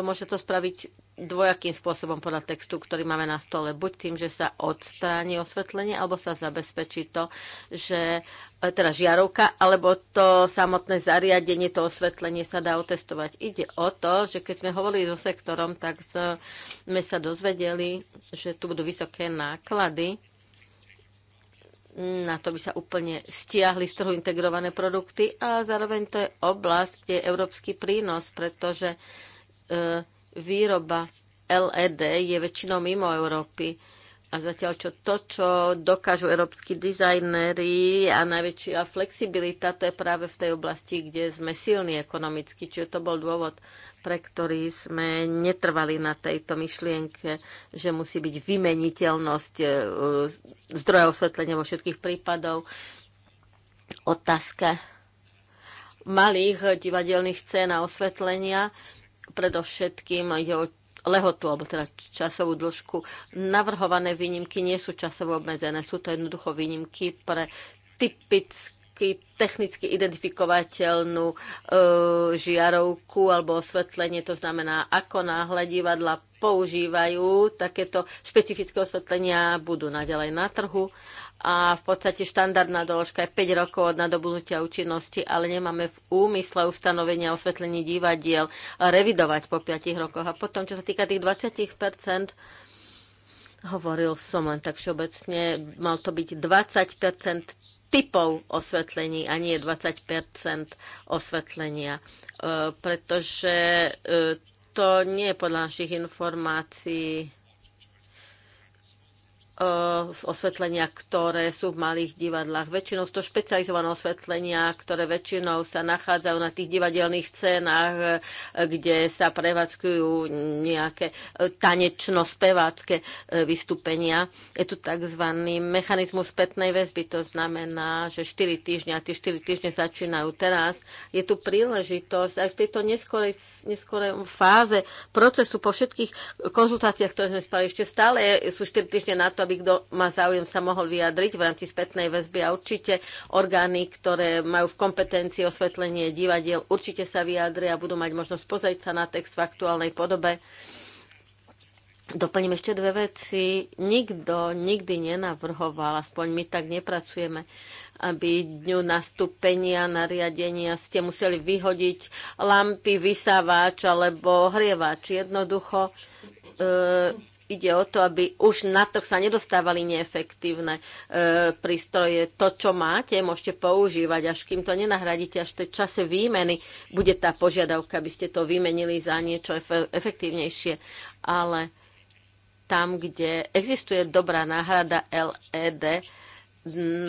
môže to spraviť dvojakým spôsobom podľa textu, ktorý máme na stole. Buď tým, že sa odstráni osvetlenie, alebo sa zabezpečí to, že e, teda žiarovka, alebo to samotné zariadenie, to osvetlenie sa dá otestovať. Ide o to, že keď sme hovorili so sektorom, tak sme sa dozvedeli, že tu budú vysoké náklady na to by sa úplne stiahli z trhu integrované produkty a zároveň to je oblasť, kde je európsky prínos, pretože e, výroba LED je väčšinou mimo Európy a zatiaľ, čo to, čo dokážu európsky dizajnéri a najväčšia flexibilita, to je práve v tej oblasti, kde sme silní ekonomicky. Čiže to bol dôvod, pre ktorý sme netrvali na tejto myšlienke, že musí byť vymeniteľnosť e, zdroja osvetlenia vo všetkých prípadov. Otázka malých divadelných scén a osvetlenia. Predovšetkým je o lehotu, alebo teda časovú dĺžku. Navrhované výnimky nie sú časovo obmedzené, sú to jednoducho výnimky pre typicky technicky identifikovateľnú e, žiarovku alebo osvetlenie, to znamená, ako náhle divadla používajú takéto špecifické osvetlenia, budú naďalej na trhu a v podstate štandardná doložka je 5 rokov od nadobudnutia účinnosti, ale nemáme v úmysle ustanovenia osvetlení divadiel revidovať po 5 rokoch. A potom, čo sa týka tých 20 hovoril som len tak všeobecne, mal to byť 20 typov osvetlení a nie 20 osvetlenia, e, pretože e, to nie je podľa našich informácií Eh, osvetlenia, ktoré sú v malých divadlách. Väčšinou sú to špecializované osvetlenia, ktoré väčšinou sa nachádzajú na tých divadelných scénách, eh, kde sa prevádzkujú nejaké eh, tanečno-spevácké vystúpenia. Je tu tzv. mechanizmus spätnej väzby, to znamená, že 4 týždňa a tie 4 týždne začínajú teraz. Je tu príležitosť aj v tejto neskorej, neskorej fáze procesu po všetkých konzultáciách, ktoré sme spali, ešte stále sú 4 týždne na to, to, aby kto má záujem sa mohol vyjadriť v rámci spätnej väzby a určite orgány, ktoré majú v kompetencii osvetlenie divadiel, určite sa vyjadria a budú mať možnosť pozrieť sa na text v aktuálnej podobe. Doplním ešte dve veci. Nikto nikdy nenavrhoval, aspoň my tak nepracujeme, aby dňu nastúpenia nariadenia ste museli vyhodiť lampy, vysávač alebo hrievač. Jednoducho e, ide o to, aby už na to sa nedostávali neefektívne e, prístroje. To, čo máte, môžete používať, až kým to nenahradíte, až v tej čase výmeny bude tá požiadavka, aby ste to vymenili za niečo efektívnejšie. Ale tam, kde existuje dobrá náhrada LED,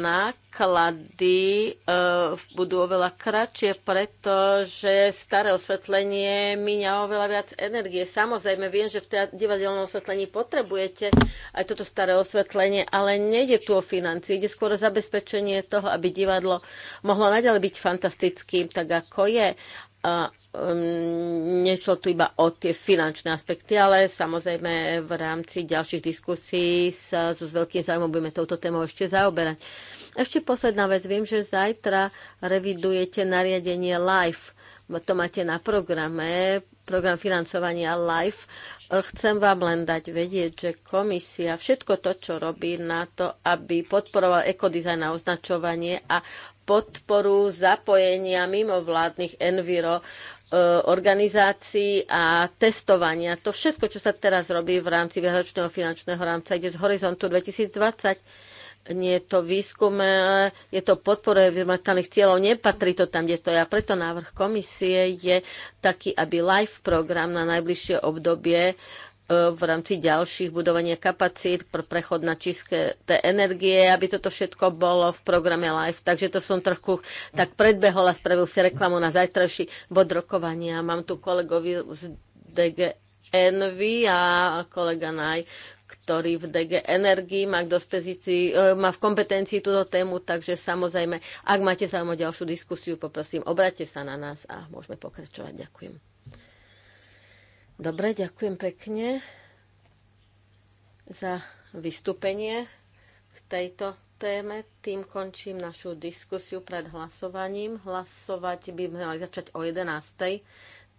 náklady uh, budú oveľa kratšie, pretože staré osvetlenie míňa oveľa viac energie. Samozrejme, viem, že v divadelnom osvetlení potrebujete aj toto staré osvetlenie, ale nejde tu o financie, ide skôr o zabezpečenie toho, aby divadlo mohlo naďalej byť fantastickým, tak ako je a um, nešlo tu iba o tie finančné aspekty, ale samozrejme v rámci ďalších diskusí sa so s veľkým zájmom budeme touto témou ešte zaoberať. Ešte posledná vec. Viem, že zajtra revidujete nariadenie LIFE. To máte na programe, program financovania LIFE. Chcem vám len dať vedieť, že komisia všetko to, čo robí na to, aby podporoval ekodizajn a označovanie a podporu zapojenia mimovládnych enviro e, organizácií a testovania. To všetko, čo sa teraz robí v rámci viacročného finančného rámca, ide z horizontu 2020. Nie je to výskum, e, je to podpora environmentálnych cieľov, nepatrí to tam, kde to je. A preto návrh komisie je taký, aby LIFE program na najbližšie obdobie uh, v rámci ďalších budovania kapacít pre prechod na čisté energie, aby toto všetko bolo v programe LIFE. Takže to som trochu tak predbehol a spravil si reklamu na zajtrajší bod rokovania. Mám tu kolegovi z DG Envy a kolega Naj, ktorý v DG Energii má, k dispozícii, e, má v kompetencii túto tému, takže samozrejme, ak máte sa o ďalšiu diskusiu, poprosím, obrate sa na nás a môžeme pokračovať. Ďakujem. Dobre, ďakujem pekne za vystúpenie k tejto téme. Tým končím našu diskusiu pred hlasovaním. Hlasovať by sme mali začať o 11.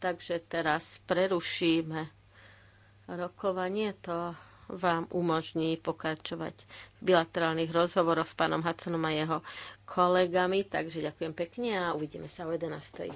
Takže teraz prerušíme rokovanie. To vám umožní pokračovať v bilaterálnych rozhovoroch s pánom Hudsonom a jeho kolegami. Takže ďakujem pekne a uvidíme sa o 11.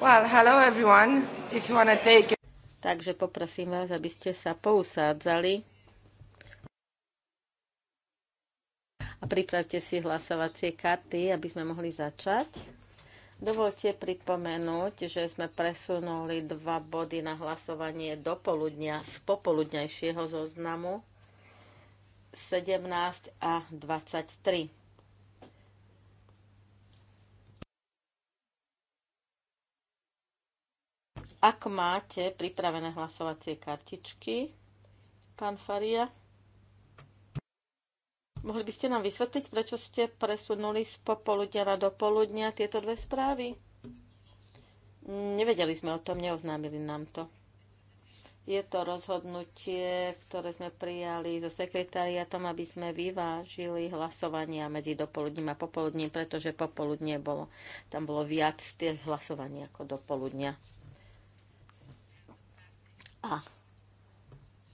Well, hello everyone. If you to take... Takže poprosím vás, aby ste sa pousádzali a pripravte si hlasovacie karty, aby sme mohli začať. Dovolte pripomenúť, že sme presunuli dva body na hlasovanie do poludnia z popoludnejšieho zoznamu 17 a 23. Ak máte pripravené hlasovacie kartičky, pán Faria, mohli by ste nám vysvetliť, prečo ste presunuli z popoludňa na dopoludňa tieto dve správy? Nevedeli sme o tom, neoznámili nám to. Je to rozhodnutie, ktoré sme prijali so sekretariatom, aby sme vyvážili hlasovania medzi dopoludním a popoludním, pretože popoludnie bolo, tam bolo viac tých hlasovaní ako dopoludnia. A e,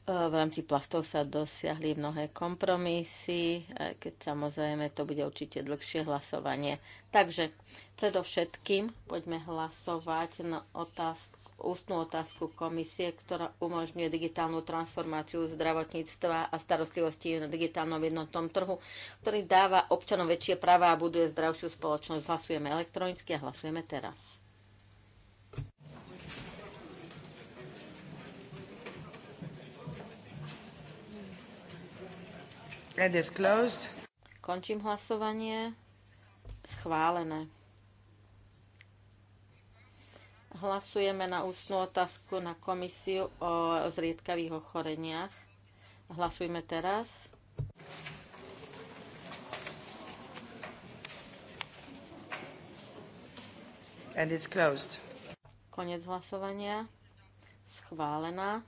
v rámci plastov sa dosiahli mnohé kompromisy, aj e, keď samozrejme to bude určite dlhšie hlasovanie. Takže predovšetkým poďme hlasovať na otázku, ústnú otázku komisie, ktorá umožňuje digitálnu transformáciu zdravotníctva a starostlivosti na digitálnom jednotnom trhu, ktorý dáva občanom väčšie práva a buduje zdravšiu spoločnosť. Hlasujeme elektronicky a hlasujeme teraz. is closed. Končím hlasovanie. Schválené. Hlasujeme na ústnú otázku na komisiu o zriedkavých ochoreniach. Hlasujme teraz. And it's closed. Konec hlasovania. Schválená.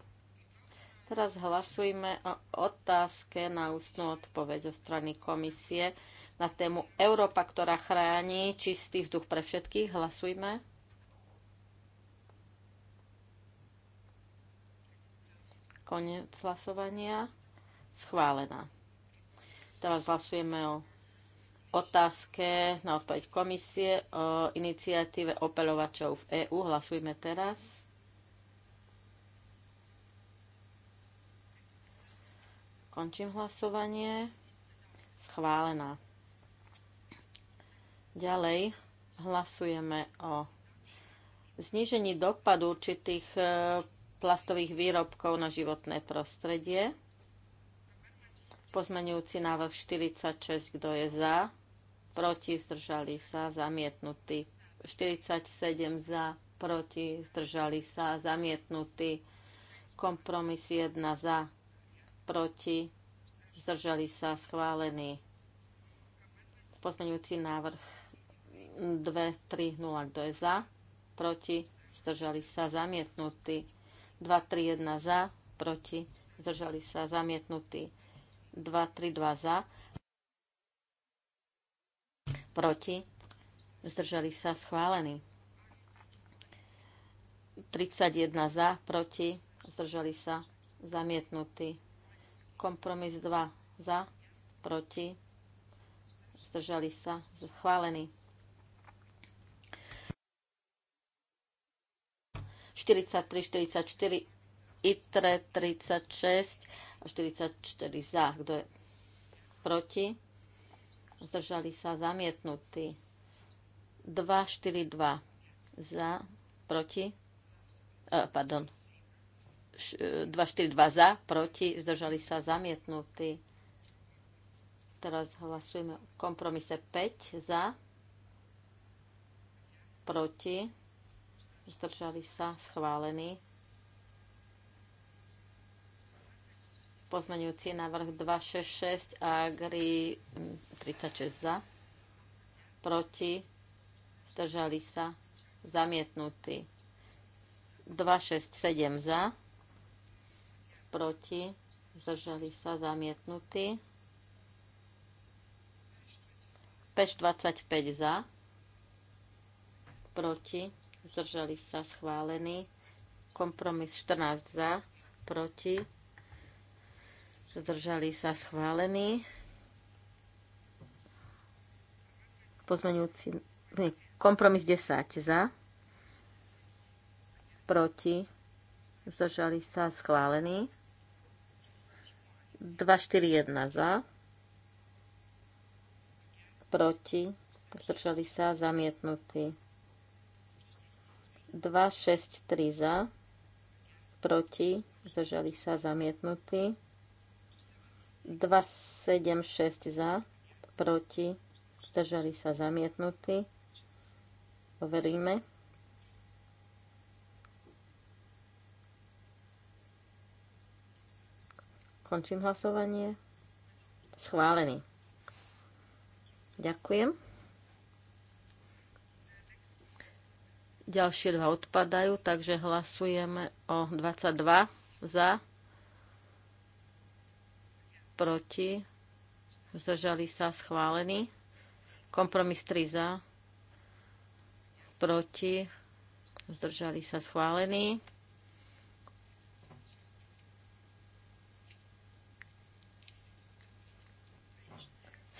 Teraz hlasujme o otázke na ústnu odpoveď zo strany komisie na tému Európa, ktorá chráni čistý vzduch pre všetkých. Hlasujme. Konec hlasovania. Schválená. Teraz hlasujeme o otázke na odpoveď komisie o iniciatíve opelovačov v EÚ. Hlasujme teraz. Končím hlasovanie. Schválená. Ďalej hlasujeme o znížení dopadu určitých e, plastových výrobkov na životné prostredie. Pozmenujúci návrh 46, kto je za, proti, zdržali sa, zamietnutý. 47 za, proti, zdržali sa, zamietnutý. Kompromis 1 za, proti, zdržali sa schválený pozmeňujúci návrh 2, 3, 0, kto je za, proti, zdržali sa zamietnutí 2, 3, 1 za, proti, zdržali sa zamietnutí 2, 3, 2 za, proti, zdržali sa schválený 31 za, proti, zdržali sa zamietnutí Kompromis 2 za, proti, zdržali sa, schválený. 43, 44, ITRE 36 a 44 za. Kto je proti? Zdržali sa zamietnutí. 2, 4, 2 za, proti, eh, pardon, 242 e, za, proti, zdržali sa zamietnutí. Teraz hlasujeme o kompromise 5 za, proti, zdržali sa schválení. Pozmeňujúci návrh 266 a GRI 36 za, proti, zdržali sa zamietnutí. 267 za, proti, zdržali sa zamietnutí. Peš 25 za, proti, zdržali sa schválení. Kompromis 14 za, proti, zdržali sa schválení. Pozmeňujúci, nie, kompromis 10 za, proti, zdržali sa schválení. 241 za, proti, zdržali sa, zamietnutí. 263 za, proti, zdržali sa, zamietnutí. 276 za, proti, zdržali sa, zamietnutí. Overíme. Končím hlasovanie. Schválený. Ďakujem. Ďalšie dva odpadajú, takže hlasujeme o 22 za, proti, zdržali sa schválený. Kompromis 3 za, proti, zdržali sa schválený.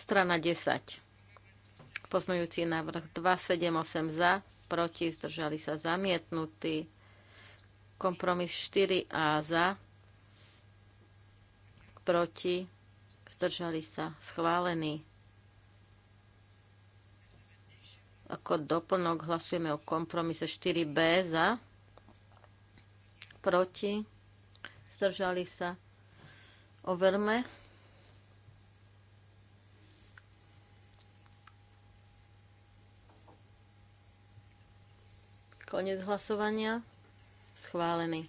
Strana 10. Pozmejúci návrh 278 za, proti, zdržali sa zamietnutí. Kompromis 4A za, proti, zdržali sa schválení. Ako doplnok hlasujeme o kompromise 4B za, proti, zdržali sa. Overme. Konec hlasovania. Schválený.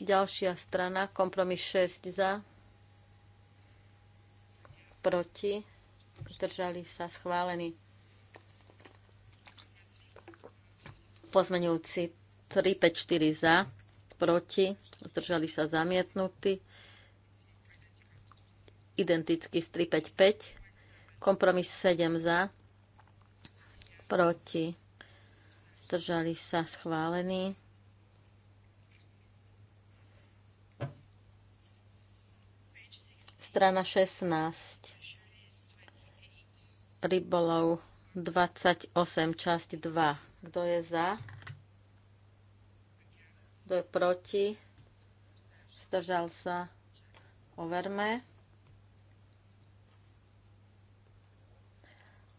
Ďalšia strana, kompromis 6 za, proti, zdržali sa schválený. Pozmenujúci 3, 5, 4 za, proti, zdržali sa zamietnutí. Identický s 3, 5, 5. Kompromis 7 za, proti, zdržali sa schválení. Strana 16. Rybolov 28, časť 2. Kto je za? Kto je proti? Zdržal sa? Overme.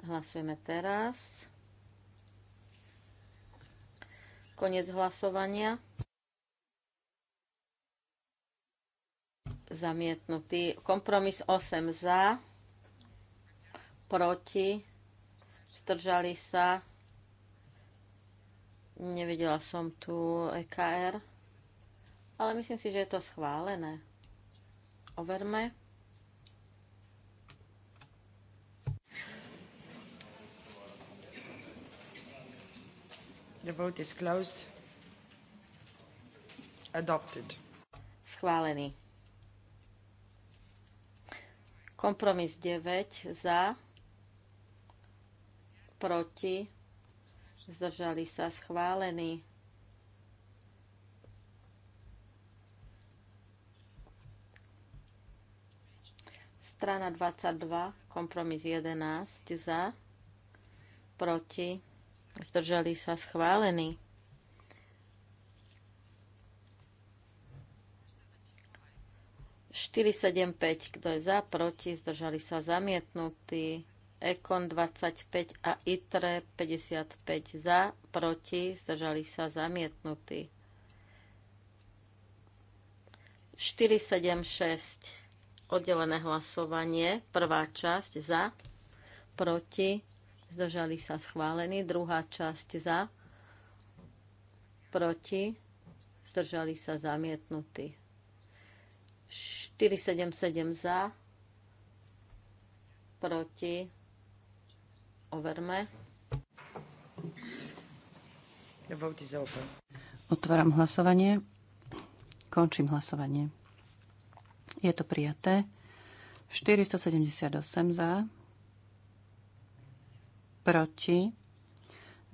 Hlasujeme teraz. Konec hlasovania. Zamietnutý. Kompromis 8 za. Proti. Zdržali sa. Nevidela som tu EKR. Ale myslím si, že je to schválené. Overme. The vote is closed. Adopted. Schválený. Kompromis 9 za, proti, zdržali sa schválený. Strana 22, kompromis 11 za, proti, zdržali sa schválení. Štyri sedem päť, kto je za, proti, zdržali sa zamietnutí. Ekon 25 a ITRE 55 za, proti, zdržali sa zamietnutí. 476 oddelené hlasovanie, prvá časť za, proti, zdržali sa schválení. Druhá časť za, proti, zdržali sa zamietnutí. 477 za, proti, overme. Otváram hlasovanie. Končím hlasovanie. Je to prijaté. 478 za, proti,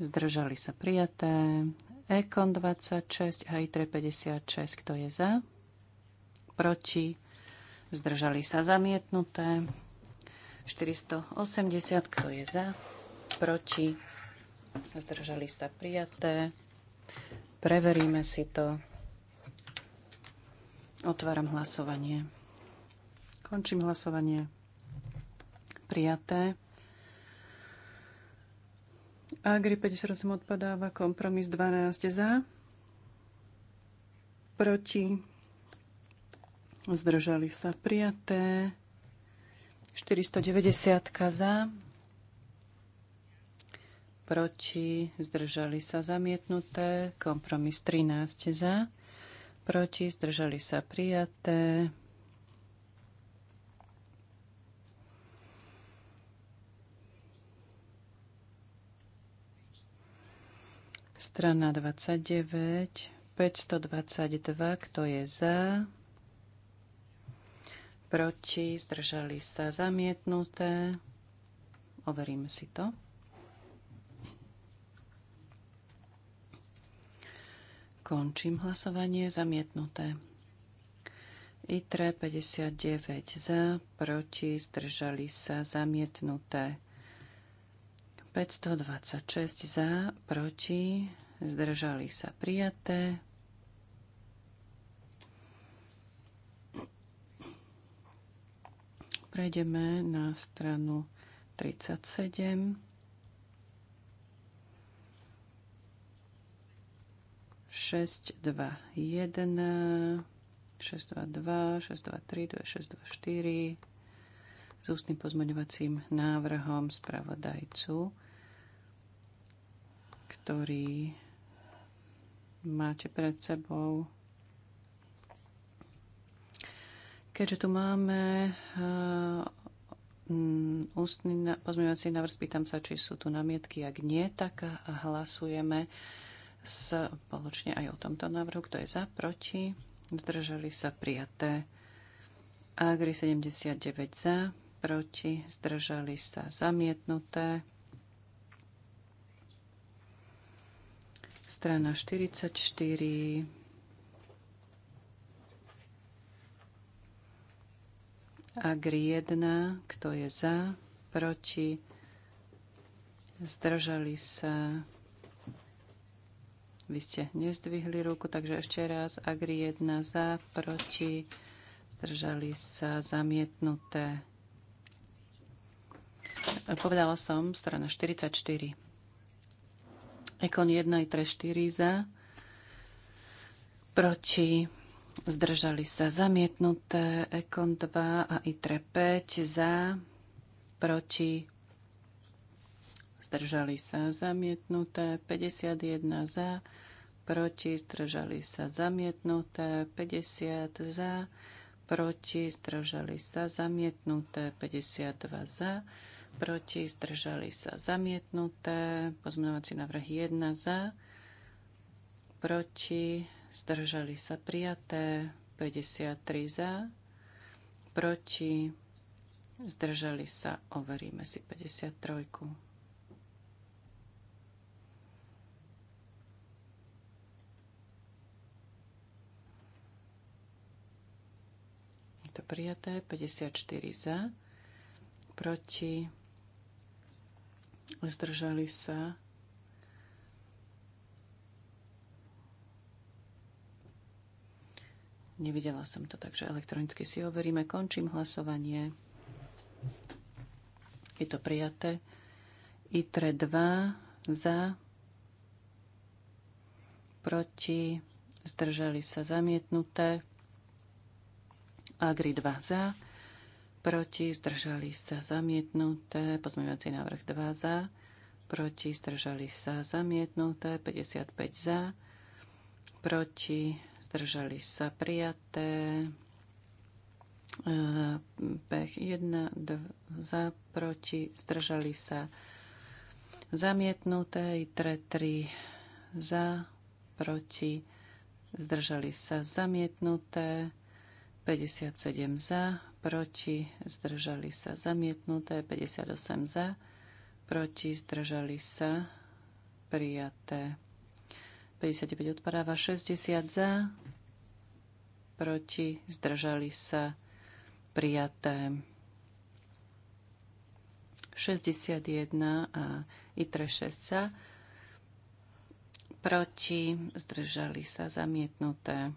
zdržali sa prijaté. Ekon 26 a 56, kto je za, proti, zdržali sa zamietnuté. 480, kto je za, proti, zdržali sa prijaté. Preveríme si to. Otváram hlasovanie. Končím hlasovanie. Prijaté. Agri 58 odpadáva, kompromis 12 za, proti, zdržali sa prijaté, 490 za, proti, zdržali sa zamietnuté, kompromis 13 za, proti, zdržali sa prijaté, Strana 29, 522, kto je za, proti, zdržali sa zamietnuté. Overíme si to. Končím hlasovanie zamietnuté. ITRE 59 za, proti, zdržali sa zamietnuté. 526 za, proti, zdržali sa prijaté. Prejdeme na stranu 37. 6, 2, 1, 6, 2, dva 6, 2, 3, 2, 6, dva štyri s ústnym pozmeňovacím návrhom spravodajcu ktorý máte pred sebou. Keďže tu máme eh, mm, ústny pozmeňovací návrh, pýtam sa, či sú tu namietky. Ak nie, tak hlasujeme spoločne aj o tomto návrhu. Kto je za, proti? Zdržali sa prijaté. Agri 79 za, proti, zdržali sa zamietnuté. Strana 44. Agri 1. Kto je za? Proti? Zdržali sa? Vy ste nezdvihli ruku, takže ešte raz. Agri 1 za, proti, zdržali sa zamietnuté. Povedala som, strana 44. Ekon 1 i 3, 4 za. Proti. Zdržali sa zamietnuté. Ekon 2 a 3, 5 za. Proti. Zdržali sa zamietnuté. 51 za. Proti. Zdržali sa zamietnuté. 50 za. Proti. Zdržali sa zamietnuté. 52 za proti, zdržali sa zamietnuté. Pozmenovací návrh 1 za, proti, zdržali sa prijaté. 53 za, proti, zdržali sa, overíme si 53. Je to prijaté, 54 za, proti, Zdržali sa. Nevidela som to, takže elektronicky si overíme. Končím hlasovanie. Je to prijaté. ITRE 2 za, proti, zdržali sa zamietnuté. Agri 2 za, proti, zdržali sa zamietnuté, pozmeňovací návrh 2 za, proti, zdržali sa zamietnuté, 55 za, proti, zdržali sa prijaté, e, pech 1, za, proti, zdržali sa zamietnuté, i 3, 3 za, proti, zdržali sa zamietnuté, 57 za, proti, zdržali sa zamietnuté, 58 za, proti, zdržali sa prijaté. 59 odpadáva, 60 za, proti, zdržali sa prijaté. 61 a ITRE 6 za, proti, zdržali sa zamietnuté.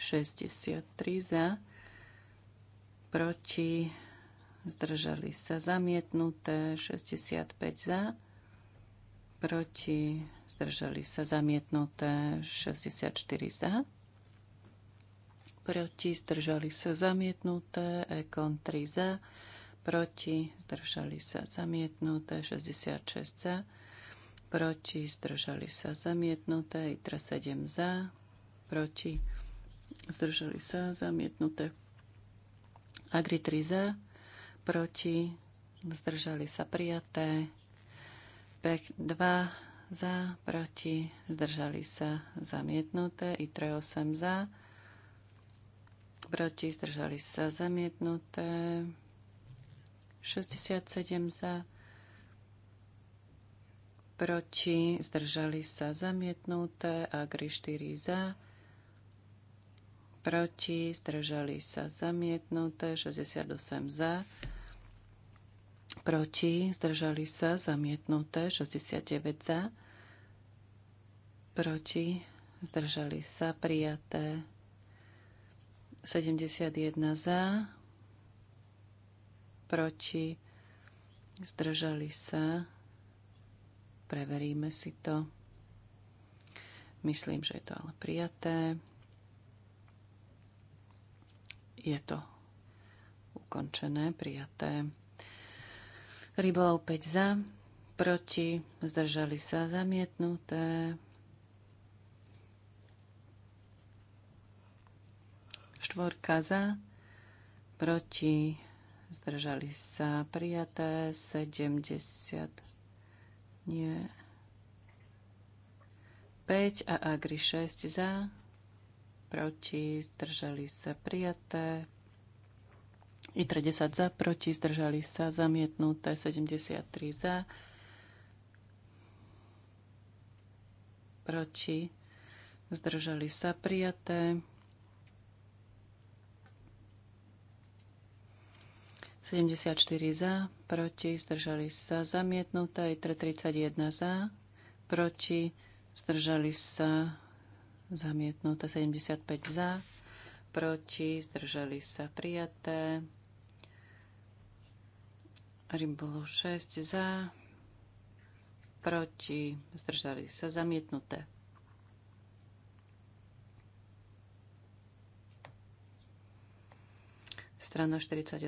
63 za, proti, zdržali sa zamietnuté, 65 za, proti, zdržali sa zamietnuté, 64 za, proti, zdržali sa zamietnuté, ekon 3 za, proti, zdržali sa zamietnuté, 66 za, proti, zdržali sa zamietnuté, itra 7 za, proti, zdržali sa, zamietnuté. Agri 3 za, proti, zdržali sa, prijaté. PEK 2 za, proti, zdržali sa, zamietnuté. I 3 8 za, proti, zdržali sa, zamietnuté. 67 za, proti, zdržali sa zamietnuté, Agri 4 za, proti, zdržali sa zamietnuté, 68 za, proti, zdržali sa zamietnuté, 69 za, proti, zdržali sa prijaté, 71 za, proti, zdržali sa, preveríme si to. Myslím, že je to ale prijaté je to ukončené, prijaté. Rybolov 5 za, proti, zdržali sa zamietnuté. Štvorka za, proti, zdržali sa prijaté 70. Nie. 5 a Agri 6 za, proti, zdržali sa prijaté. i 30 za, proti, zdržali sa zamietnuté, 73 za, proti, zdržali sa prijaté. 74 za, proti, zdržali sa zamietnuté, ITRE 31 za, proti, zdržali sa zamietnuté 75 za, proti, zdržali sa prijaté. Ryb bolo 6 za, proti, zdržali sa zamietnuté. Strana 48,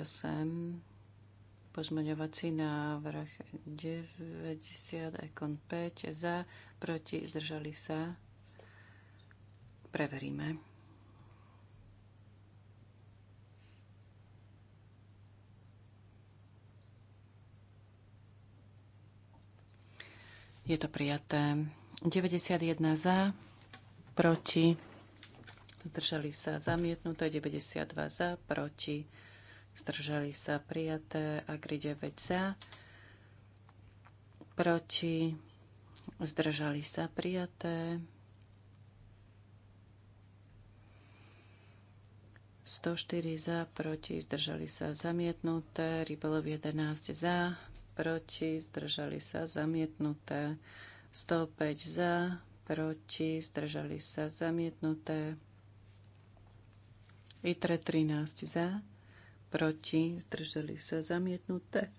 pozmeňovací návrh 90, ekon 5, za, proti, zdržali sa Preveríme. Je to prijaté. 91 za, proti, zdržali sa zamietnuté, 92 za, proti, zdržali sa prijaté, Agri 9 za, proti, zdržali sa prijaté, 104 za, proti, zdržali sa zamietnuté. Rybolov 11 za, proti, zdržali sa zamietnuté. 105 za, proti, zdržali sa zamietnuté. ITRE 13 za, proti, zdržali sa zamietnuté.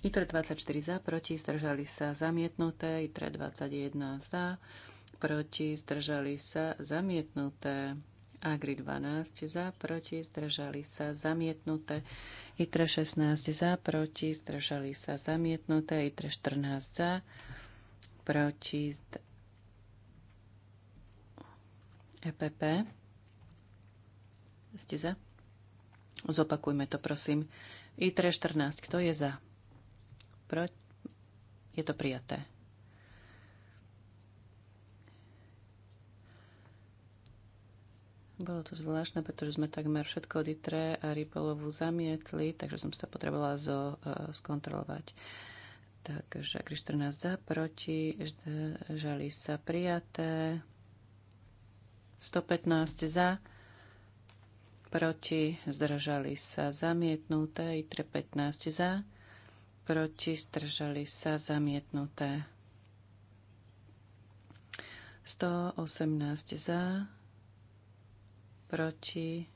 ITRE 24 za, proti, zdržali sa zamietnuté. ITRE 21 za, proti, zdržali sa zamietnuté. Agri 12 za, proti, zdržali sa, zamietnuté. ITRE 16 za, proti, zdržali sa, zamietnuté. ITRE 14 za, proti, EPP. Ste za? Zopakujme to, prosím. ITRE 14, kto je za? Pro... Je to prijaté. Bolo to zvláštne, pretože sme takmer všetko od ITRE a Ripolovu zamietli, takže som sa potrebovala zo, uh, skontrolovať. Takže Agri 14 za, proti, žali sa prijaté, 115 za, proti, zdržali sa zamietnuté, ITRE 15 za, proti, zdržali sa zamietnuté. 118 za, proti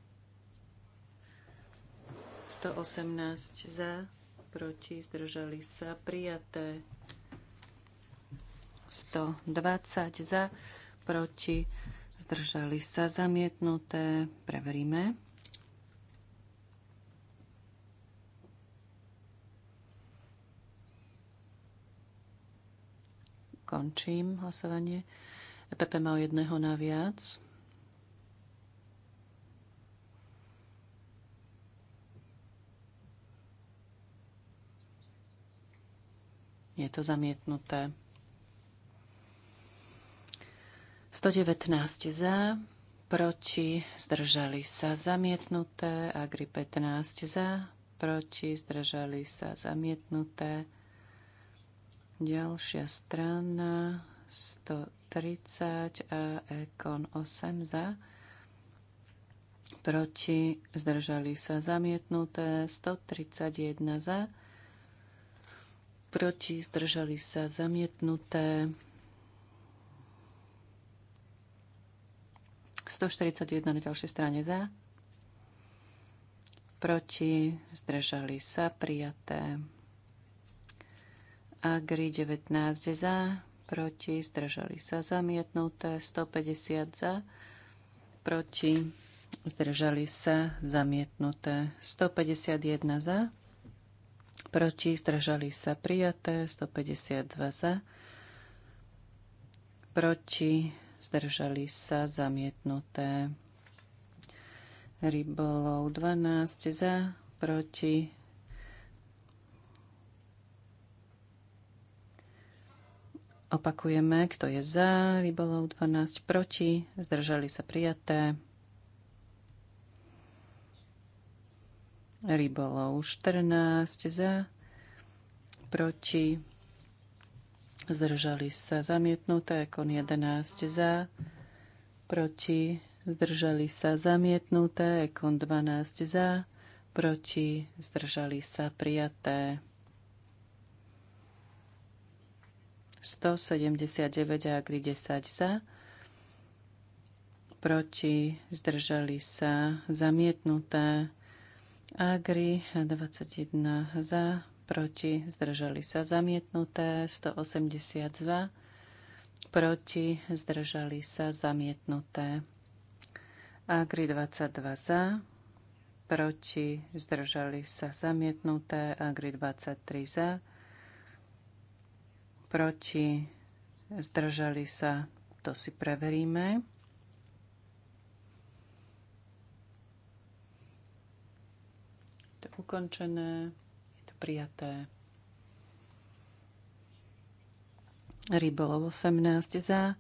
118 za, proti zdržali sa prijaté 120 za, proti zdržali sa zamietnuté. Preveríme. Končím hlasovanie. EPP má jedného naviac. Je to zamietnuté. 119 za, proti, zdržali sa zamietnuté, Agri 15 za, proti, zdržali sa zamietnuté. Ďalšia strana 130 a Ekon 8 za, proti, zdržali sa zamietnuté, 131 za, proti, zdržali sa zamietnuté. 141 na ďalšej strane za, proti, zdržali sa prijaté. Agri 19 za, proti, zdržali sa zamietnuté, 150 za, proti, zdržali sa zamietnuté, 151 za, proti, zdržali sa prijaté, 152 za, proti, zdržali sa zamietnuté. Rybolov 12 za, proti, Opakujeme, kto je za, rybolov 12 proti, zdržali sa prijaté. rybolov. 14 za, proti, zdržali sa zamietnuté, kon 11 za, proti, zdržali sa zamietnuté, kon 12 za, proti, zdržali sa prijaté. 179 a agri 10 za, proti, zdržali sa zamietnuté, Agri 21 za, proti, zdržali sa zamietnuté, 180 za, proti, zdržali sa zamietnuté. Agri 22 za, proti, zdržali sa zamietnuté, Agri 23 za, proti, zdržali sa, to si preveríme. To je ukončené. Je to prijaté. Rybolov 18 za.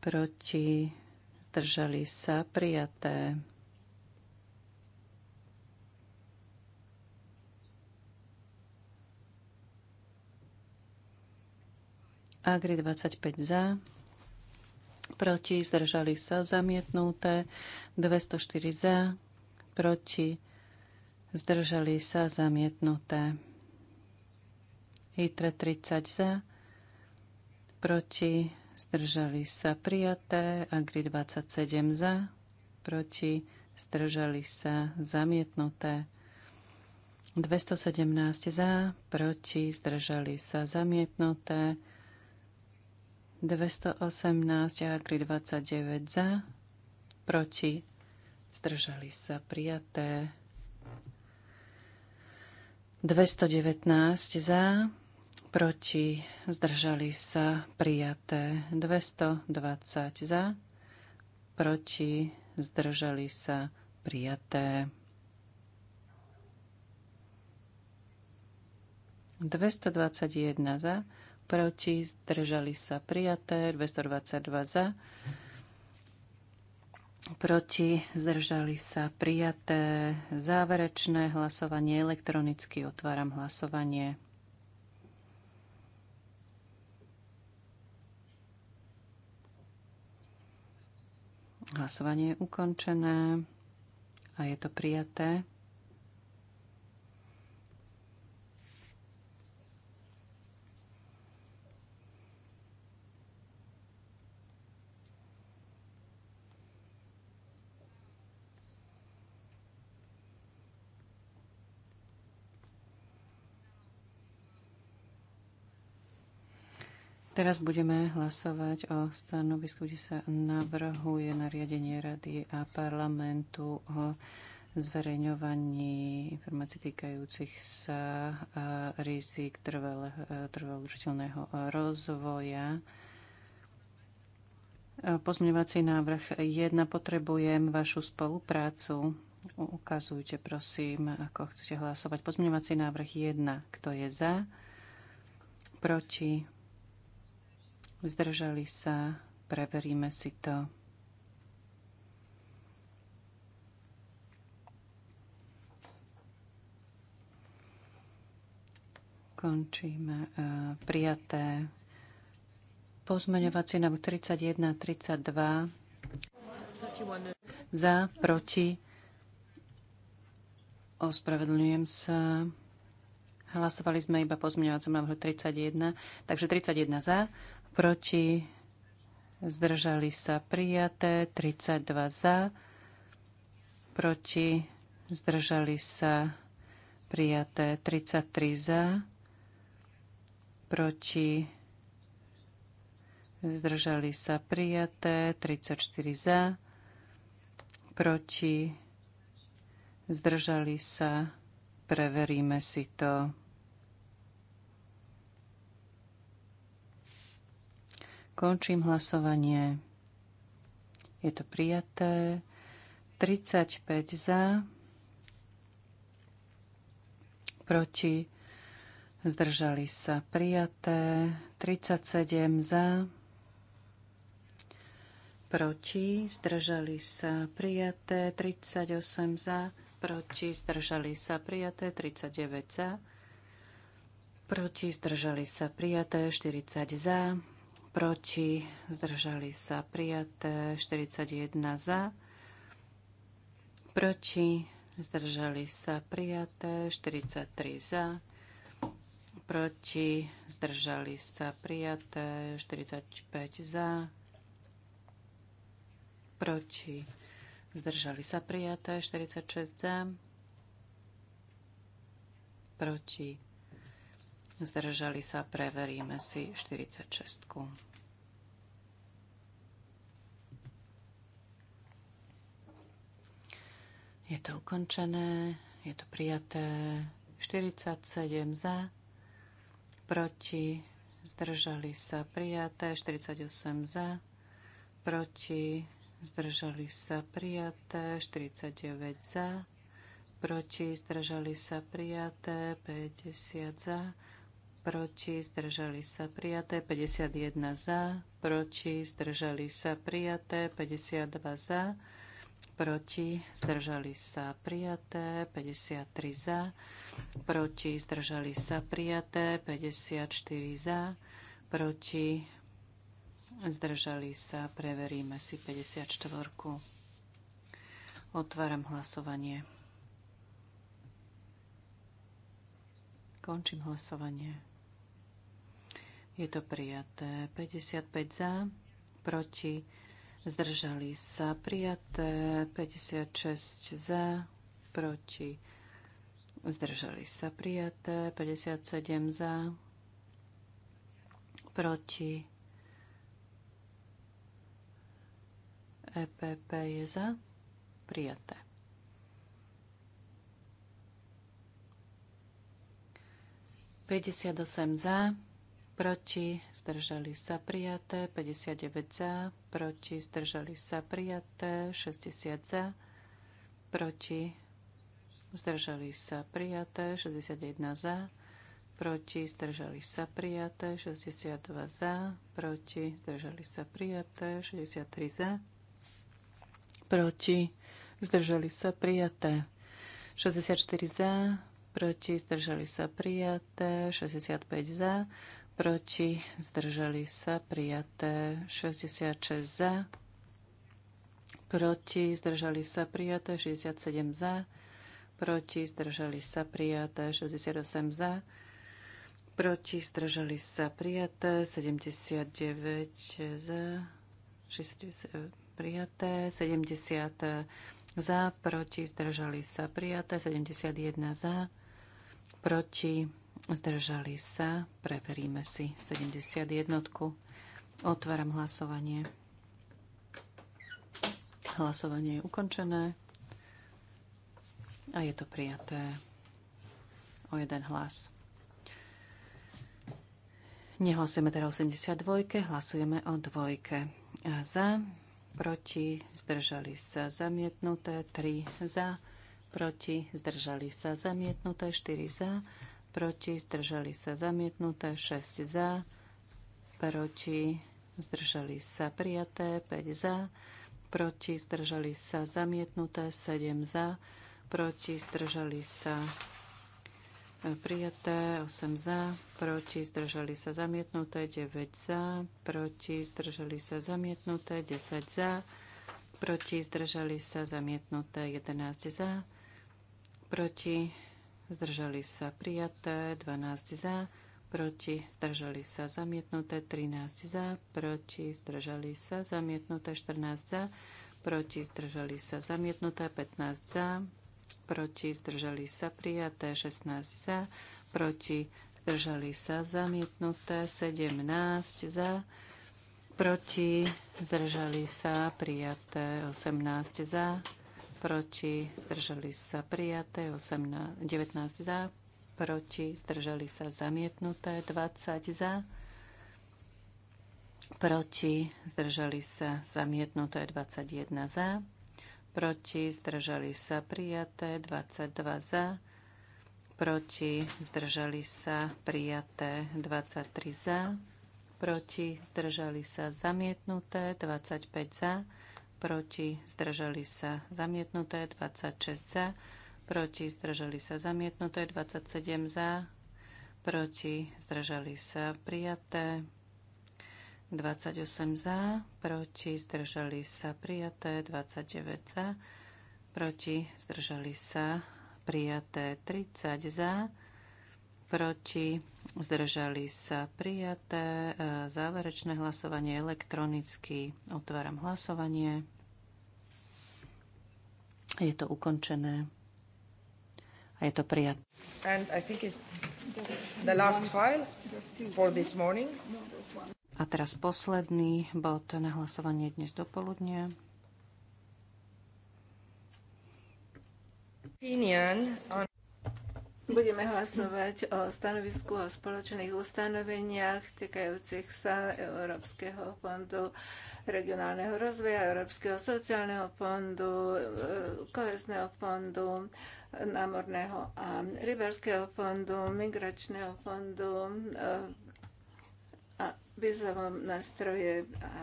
Proti. Zdržali sa. Prijaté. Agri 25 za, proti, zdržali sa zamietnuté, 204 za, proti, zdržali sa zamietnuté. ITRE 30 za, proti, zdržali sa prijaté, AGRI 27 za, proti, zdržali sa zamietnuté. 217 za, proti, zdržali sa zamietnuté. 218 a AGRI 29 za, proti, zdržali sa prijaté. 219 za, proti, zdržali sa prijaté. 220 za, proti, zdržali sa prijaté. 221 za, proti, zdržali sa prijaté, 222 za, proti, zdržali sa prijaté. Záverečné hlasovanie elektronicky. Otváram hlasovanie. Hlasovanie je ukončené a je to prijaté. Teraz budeme hlasovať o stanovisku, kde sa navrhuje nariadenie Rady a parlamentu o zverejňovaní informácií týkajúcich sa rizik trvalo užiteľného rozvoja. Pozmeňovací návrh 1. Potrebujem vašu spoluprácu. Ukazujte, prosím, ako chcete hlasovať. Pozmeňovací návrh 1. Kto je za? Proti? zdržali sa, preveríme si to. Končíme e, prijaté pozmeňovacie na 31 32 za, proti ospravedlňujem sa Hlasovali sme iba pozmeňovacom návrhu 31, takže 31 za, proti, zdržali sa prijaté, 32 za, proti, zdržali sa prijaté, 33 za, proti, zdržali sa prijaté, 34 za, proti, zdržali sa, preveríme si to. Končím hlasovanie. Je to prijaté. 35 za, proti, zdržali sa prijaté. 37 za, proti, zdržali sa prijaté. 38 za, proti, zdržali sa prijaté. 39 za, proti, zdržali sa prijaté. 40 za, proti, zdržali sa prijaté, 41 za, proti, zdržali sa prijaté, 43 za, proti, zdržali sa prijaté, 45 za, proti, zdržali sa prijaté, 46 za, proti, Zdržali sa, preveríme si 46. Je to ukončené, je to prijaté. 47 za, proti, zdržali sa, prijaté. 48 za, proti, zdržali sa, prijaté. 49 za, proti, zdržali sa, prijaté. 50 za, proti, zdržali sa prijaté, 51 za, proti, zdržali sa prijaté, 52 za, proti, zdržali sa prijaté, 53 za, proti, zdržali sa prijaté, 54 za, proti, zdržali sa, preveríme si 54. -ku. Otváram hlasovanie. Končím hlasovanie. Je to prijaté. 55 za, proti, zdržali sa. Prijaté. 56 za, proti, zdržali sa. Prijaté. 57 za, proti. EPP je za, prijaté. Pedesiat osem za, proti, zdržali sa prijaté, 59 za, proti, zdržali sa prijaté, 60 za, proti, zdržali sa prijaté, 61 za, proti, zdržali sa prijaté, 62 za, proti, zdržali sa prijaté, 63 za, proti, zdržali sa prijaté, 64 za, proti, zdržali sa prijaté, 65 za, proti, zdržali sa, prijaté 66 za, proti, zdržali sa, prijaté 67 za, proti, zdržali sa, prijaté 68 za, proti, zdržali sa, prijaté 79 za, 69, eh, prijaté 70 eh, za, proti, zdržali sa, prijaté 71 za, proti, Zdržali sa. Preveríme si 71. Otváram hlasovanie. Hlasovanie je ukončené. A je to prijaté o jeden hlas. Nehlasujeme teda 82, hlasujeme o dvojke. A za, proti, zdržali sa zamietnuté, 3 za, proti, zdržali sa zamietnuté, 4 za, proti, zdržali sa zamietnuté, 6 za, proti, zdržali sa prijaté, 5 za, proti, zdržali sa zamietnuté, 7 za, proti, zdržali sa e, prijaté, 8 za, proti, zdržali sa zamietnuté, 9 za, proti, zdržali sa zamietnuté, 10 za, proti, zdržali sa zamietnuté, 11 za, proti, zdržali sa prijaté, 12 za, proti, zdržali sa zamietnuté, 13 za, proti, zdržali sa zamietnuté, 14 za, proti, zdržali sa zamietnuté, 15 za, proti, zdržali sa prijaté, 16 za, proti, zdržali sa zamietnuté, 17 za, proti, zdržali sa prijaté, 18 za, proti, zdržali sa prijaté, 18, 19 za, proti, zdržali sa zamietnuté, 20 za, proti, zdržali sa zamietnuté, 21 za, proti, zdržali sa prijaté, 22 za, proti, zdržali sa prijaté, 23 za, proti, zdržali sa zamietnuté, 25 za, proti, zdržali sa zamietnuté, 26 za, proti, zdržali sa zamietnuté, 27 za, proti, zdržali sa prijaté, 28 za, proti, zdržali sa prijaté, 29 za, proti, zdržali sa prijaté, 30 za, proti, Zdržali sa prijaté. E, Záverečné hlasovanie elektronicky. Otváram hlasovanie. Je to ukončené. A je to prijaté. And I think it's the last file for this morning. A teraz posledný bod na hlasovanie dnes dopoludne. Opinion on Budeme hlasovať o stanovisku o spoločných ustanoveniach týkajúcich sa Európskeho fondu regionálneho rozvoja, Európskeho sociálneho fondu, e, kohezného fondu, námorného a rybárskeho fondu, migračného fondu e, a vizovom nástroje a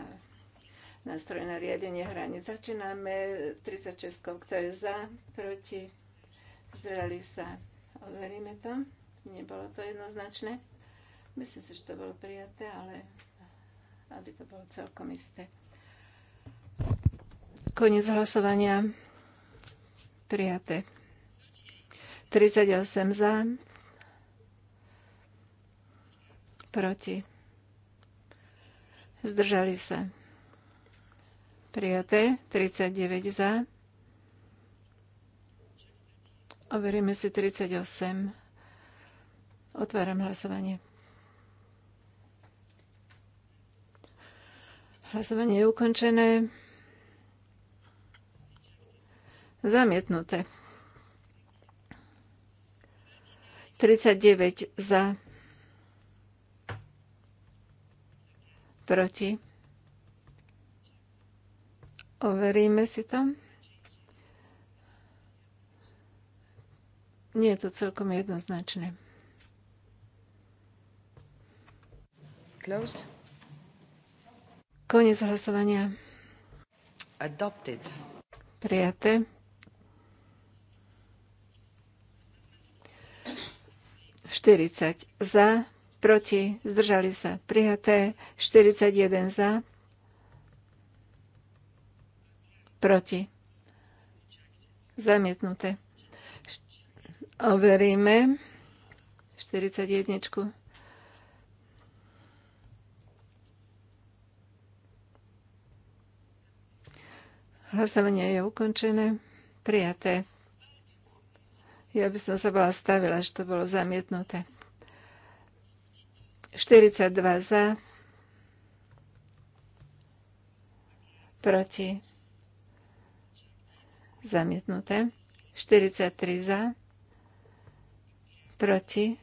nástroj na riadenie hraníc. Začíname 36, kto je za, proti, zdrali sa Overíme to. Nebolo to jednoznačné. Myslím si, že to bolo prijaté, ale aby to bolo celkom isté. Koniec hlasovania. Prijaté. 38 za. Proti. Zdržali sa. Prijaté. 39 za Overíme si 38. Otváram hlasovanie. Hlasovanie je ukončené. Zamietnuté. 39 za. Proti. Overíme si to. Nie je to celkom jednoznačné. Closed. Koniec hlasovania. Adopted. Prijaté. Štyridsať za, proti, zdržali sa. Prijaté. Štyridsať jeden za, proti. Zamietnuté overíme 41. Hlasovanie je ukončené. Prijaté. Ja by som sa bola stavila, že to bolo zamietnuté. 42 za, proti, zamietnuté. 43 za, proti.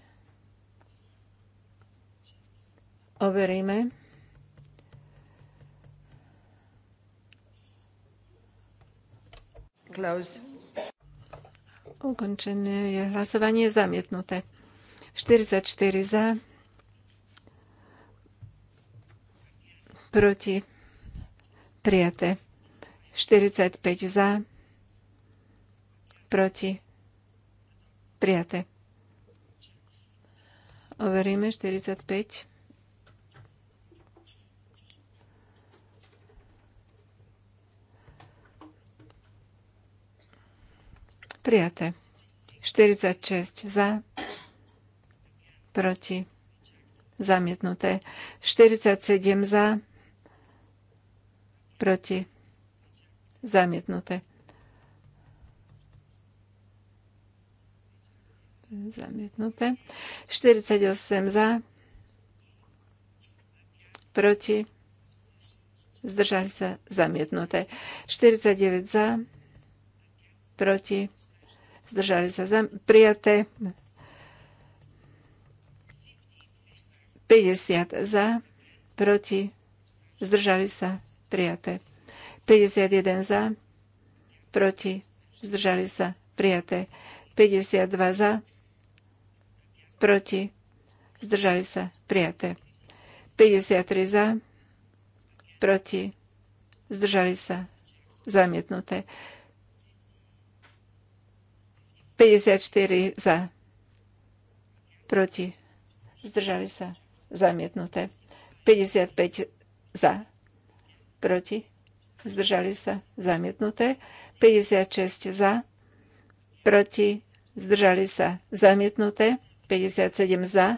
Overíme. Close. Ukončené je hlasovanie zamietnuté. 44 za, proti, prijaté. 45 za, proti, prijaté. Overíme 45. Prijaté. 46 za, proti, zamietnuté. 47 za, proti, zamietnuté. zamietnuté. 48 za, proti, zdržali sa zamietnuté. 49 za, proti, zdržali sa zam- prijaté. 50 za, proti, zdržali sa prijaté. 51 za, proti, zdržali sa prijaté. 52 za, proti, zdržali sa, prijaté. 53 za, proti, zdržali sa, zamietnuté. 54 za, proti, zdržali sa, zamietnuté. 55 za, proti, zdržali sa, zamietnuté. 56 za, proti, zdržali sa, zamietnuté. 57 za,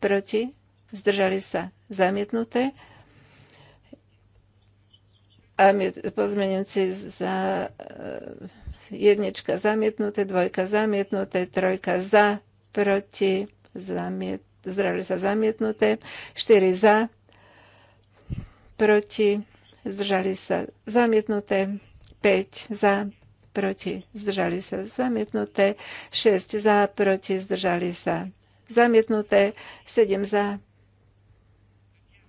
proti, zdržali sa zamietnuté. A pozmenujúci za e, jednička zamietnuté, dvojka zamietnuté, trojka za, proti, zamiet, zdržali sa zamietnuté, štyri za, proti, zdržali sa zamietnuté, 5 za, proti, zdržali sa zamietnuté, 6 za, proti, zdržali sa zamietnuté, 7 za,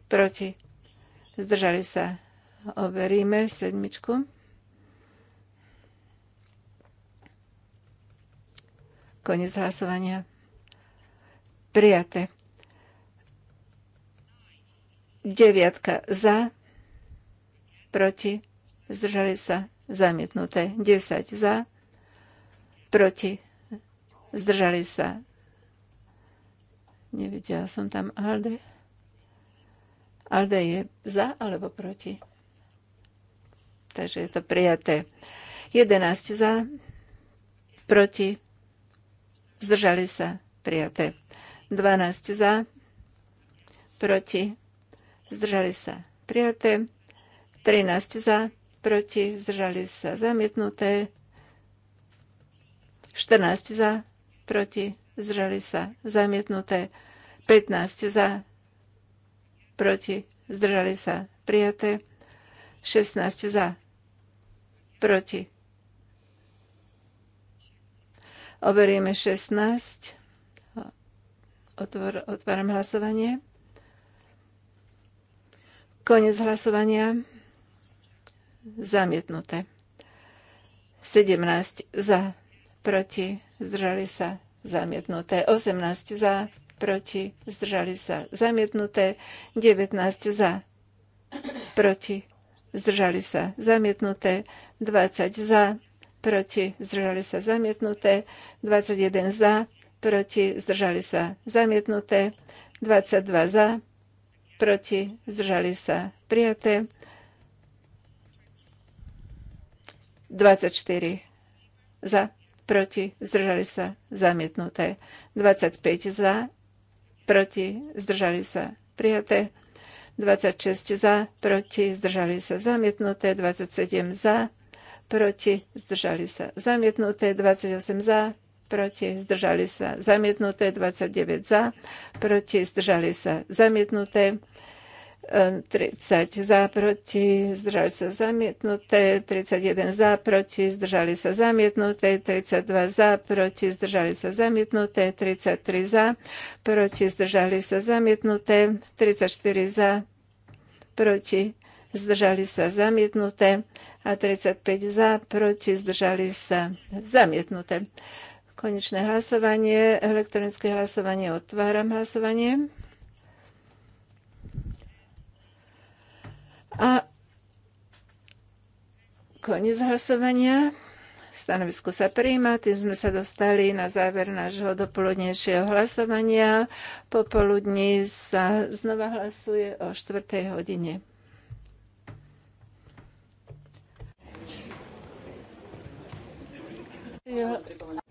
proti, zdržali sa. Overíme sedmičku. Konec hlasovania. Prijaté. Deviatka za, proti, zdržali sa zamietnuté. 10 za, proti, zdržali sa. Nevidela som tam Alde. Alde je za alebo proti. Takže je to prijaté. 11 za, proti, zdržali sa, prijaté. 12 za, proti, zdržali sa, prijaté. 13 za, proti, zdržali sa zamietnuté, 14 za, proti, zdržali sa zamietnuté, 15 za, proti, zdržali sa prijaté, 16 za, proti. Oberieme 16. Otvor, otváram hlasovanie. Konec hlasovania zamietnuté. 17 za, proti, zdržali sa, zamietnuté. 18 za, proti, zdržali sa, zamietnuté. 19 za, proti, zdržali sa, zamietnuté. 20 za, proti, zdržali sa, zamietnuté. 21 za, proti, zdržali sa, zamietnuté. 22 za, proti, zdržali sa, prijaté. 24 za, proti, zdržali sa, zamietnuté. 25 za, proti, zdržali sa, prijaté. 26 za, proti, zdržali sa, zamietnuté. 27 za, proti, zdržali sa, zamietnuté. 28 za, proti, zdržali sa, zamietnuté. 29 za, proti, zdržali sa, zamietnuté. 30 za, proti, zdržali sa zamietnuté, 31 za, proti, zdržali sa zamietnuté, 32 za, proti, zdržali sa zamietnuté, 33 za, proti, zdržali sa zamietnuté, 34 za, proti, zdržali sa zamietnuté a 35 za, proti, zdržali sa zamietnuté. Konečné hlasovanie, elektronické hlasovanie, otváram hlasovanie. A koniec hlasovania. Stanovisko sa príjma, tým sme sa dostali na záver nášho dopoludnejšieho hlasovania. Popoludní sa znova hlasuje o 4. hodine. Ja.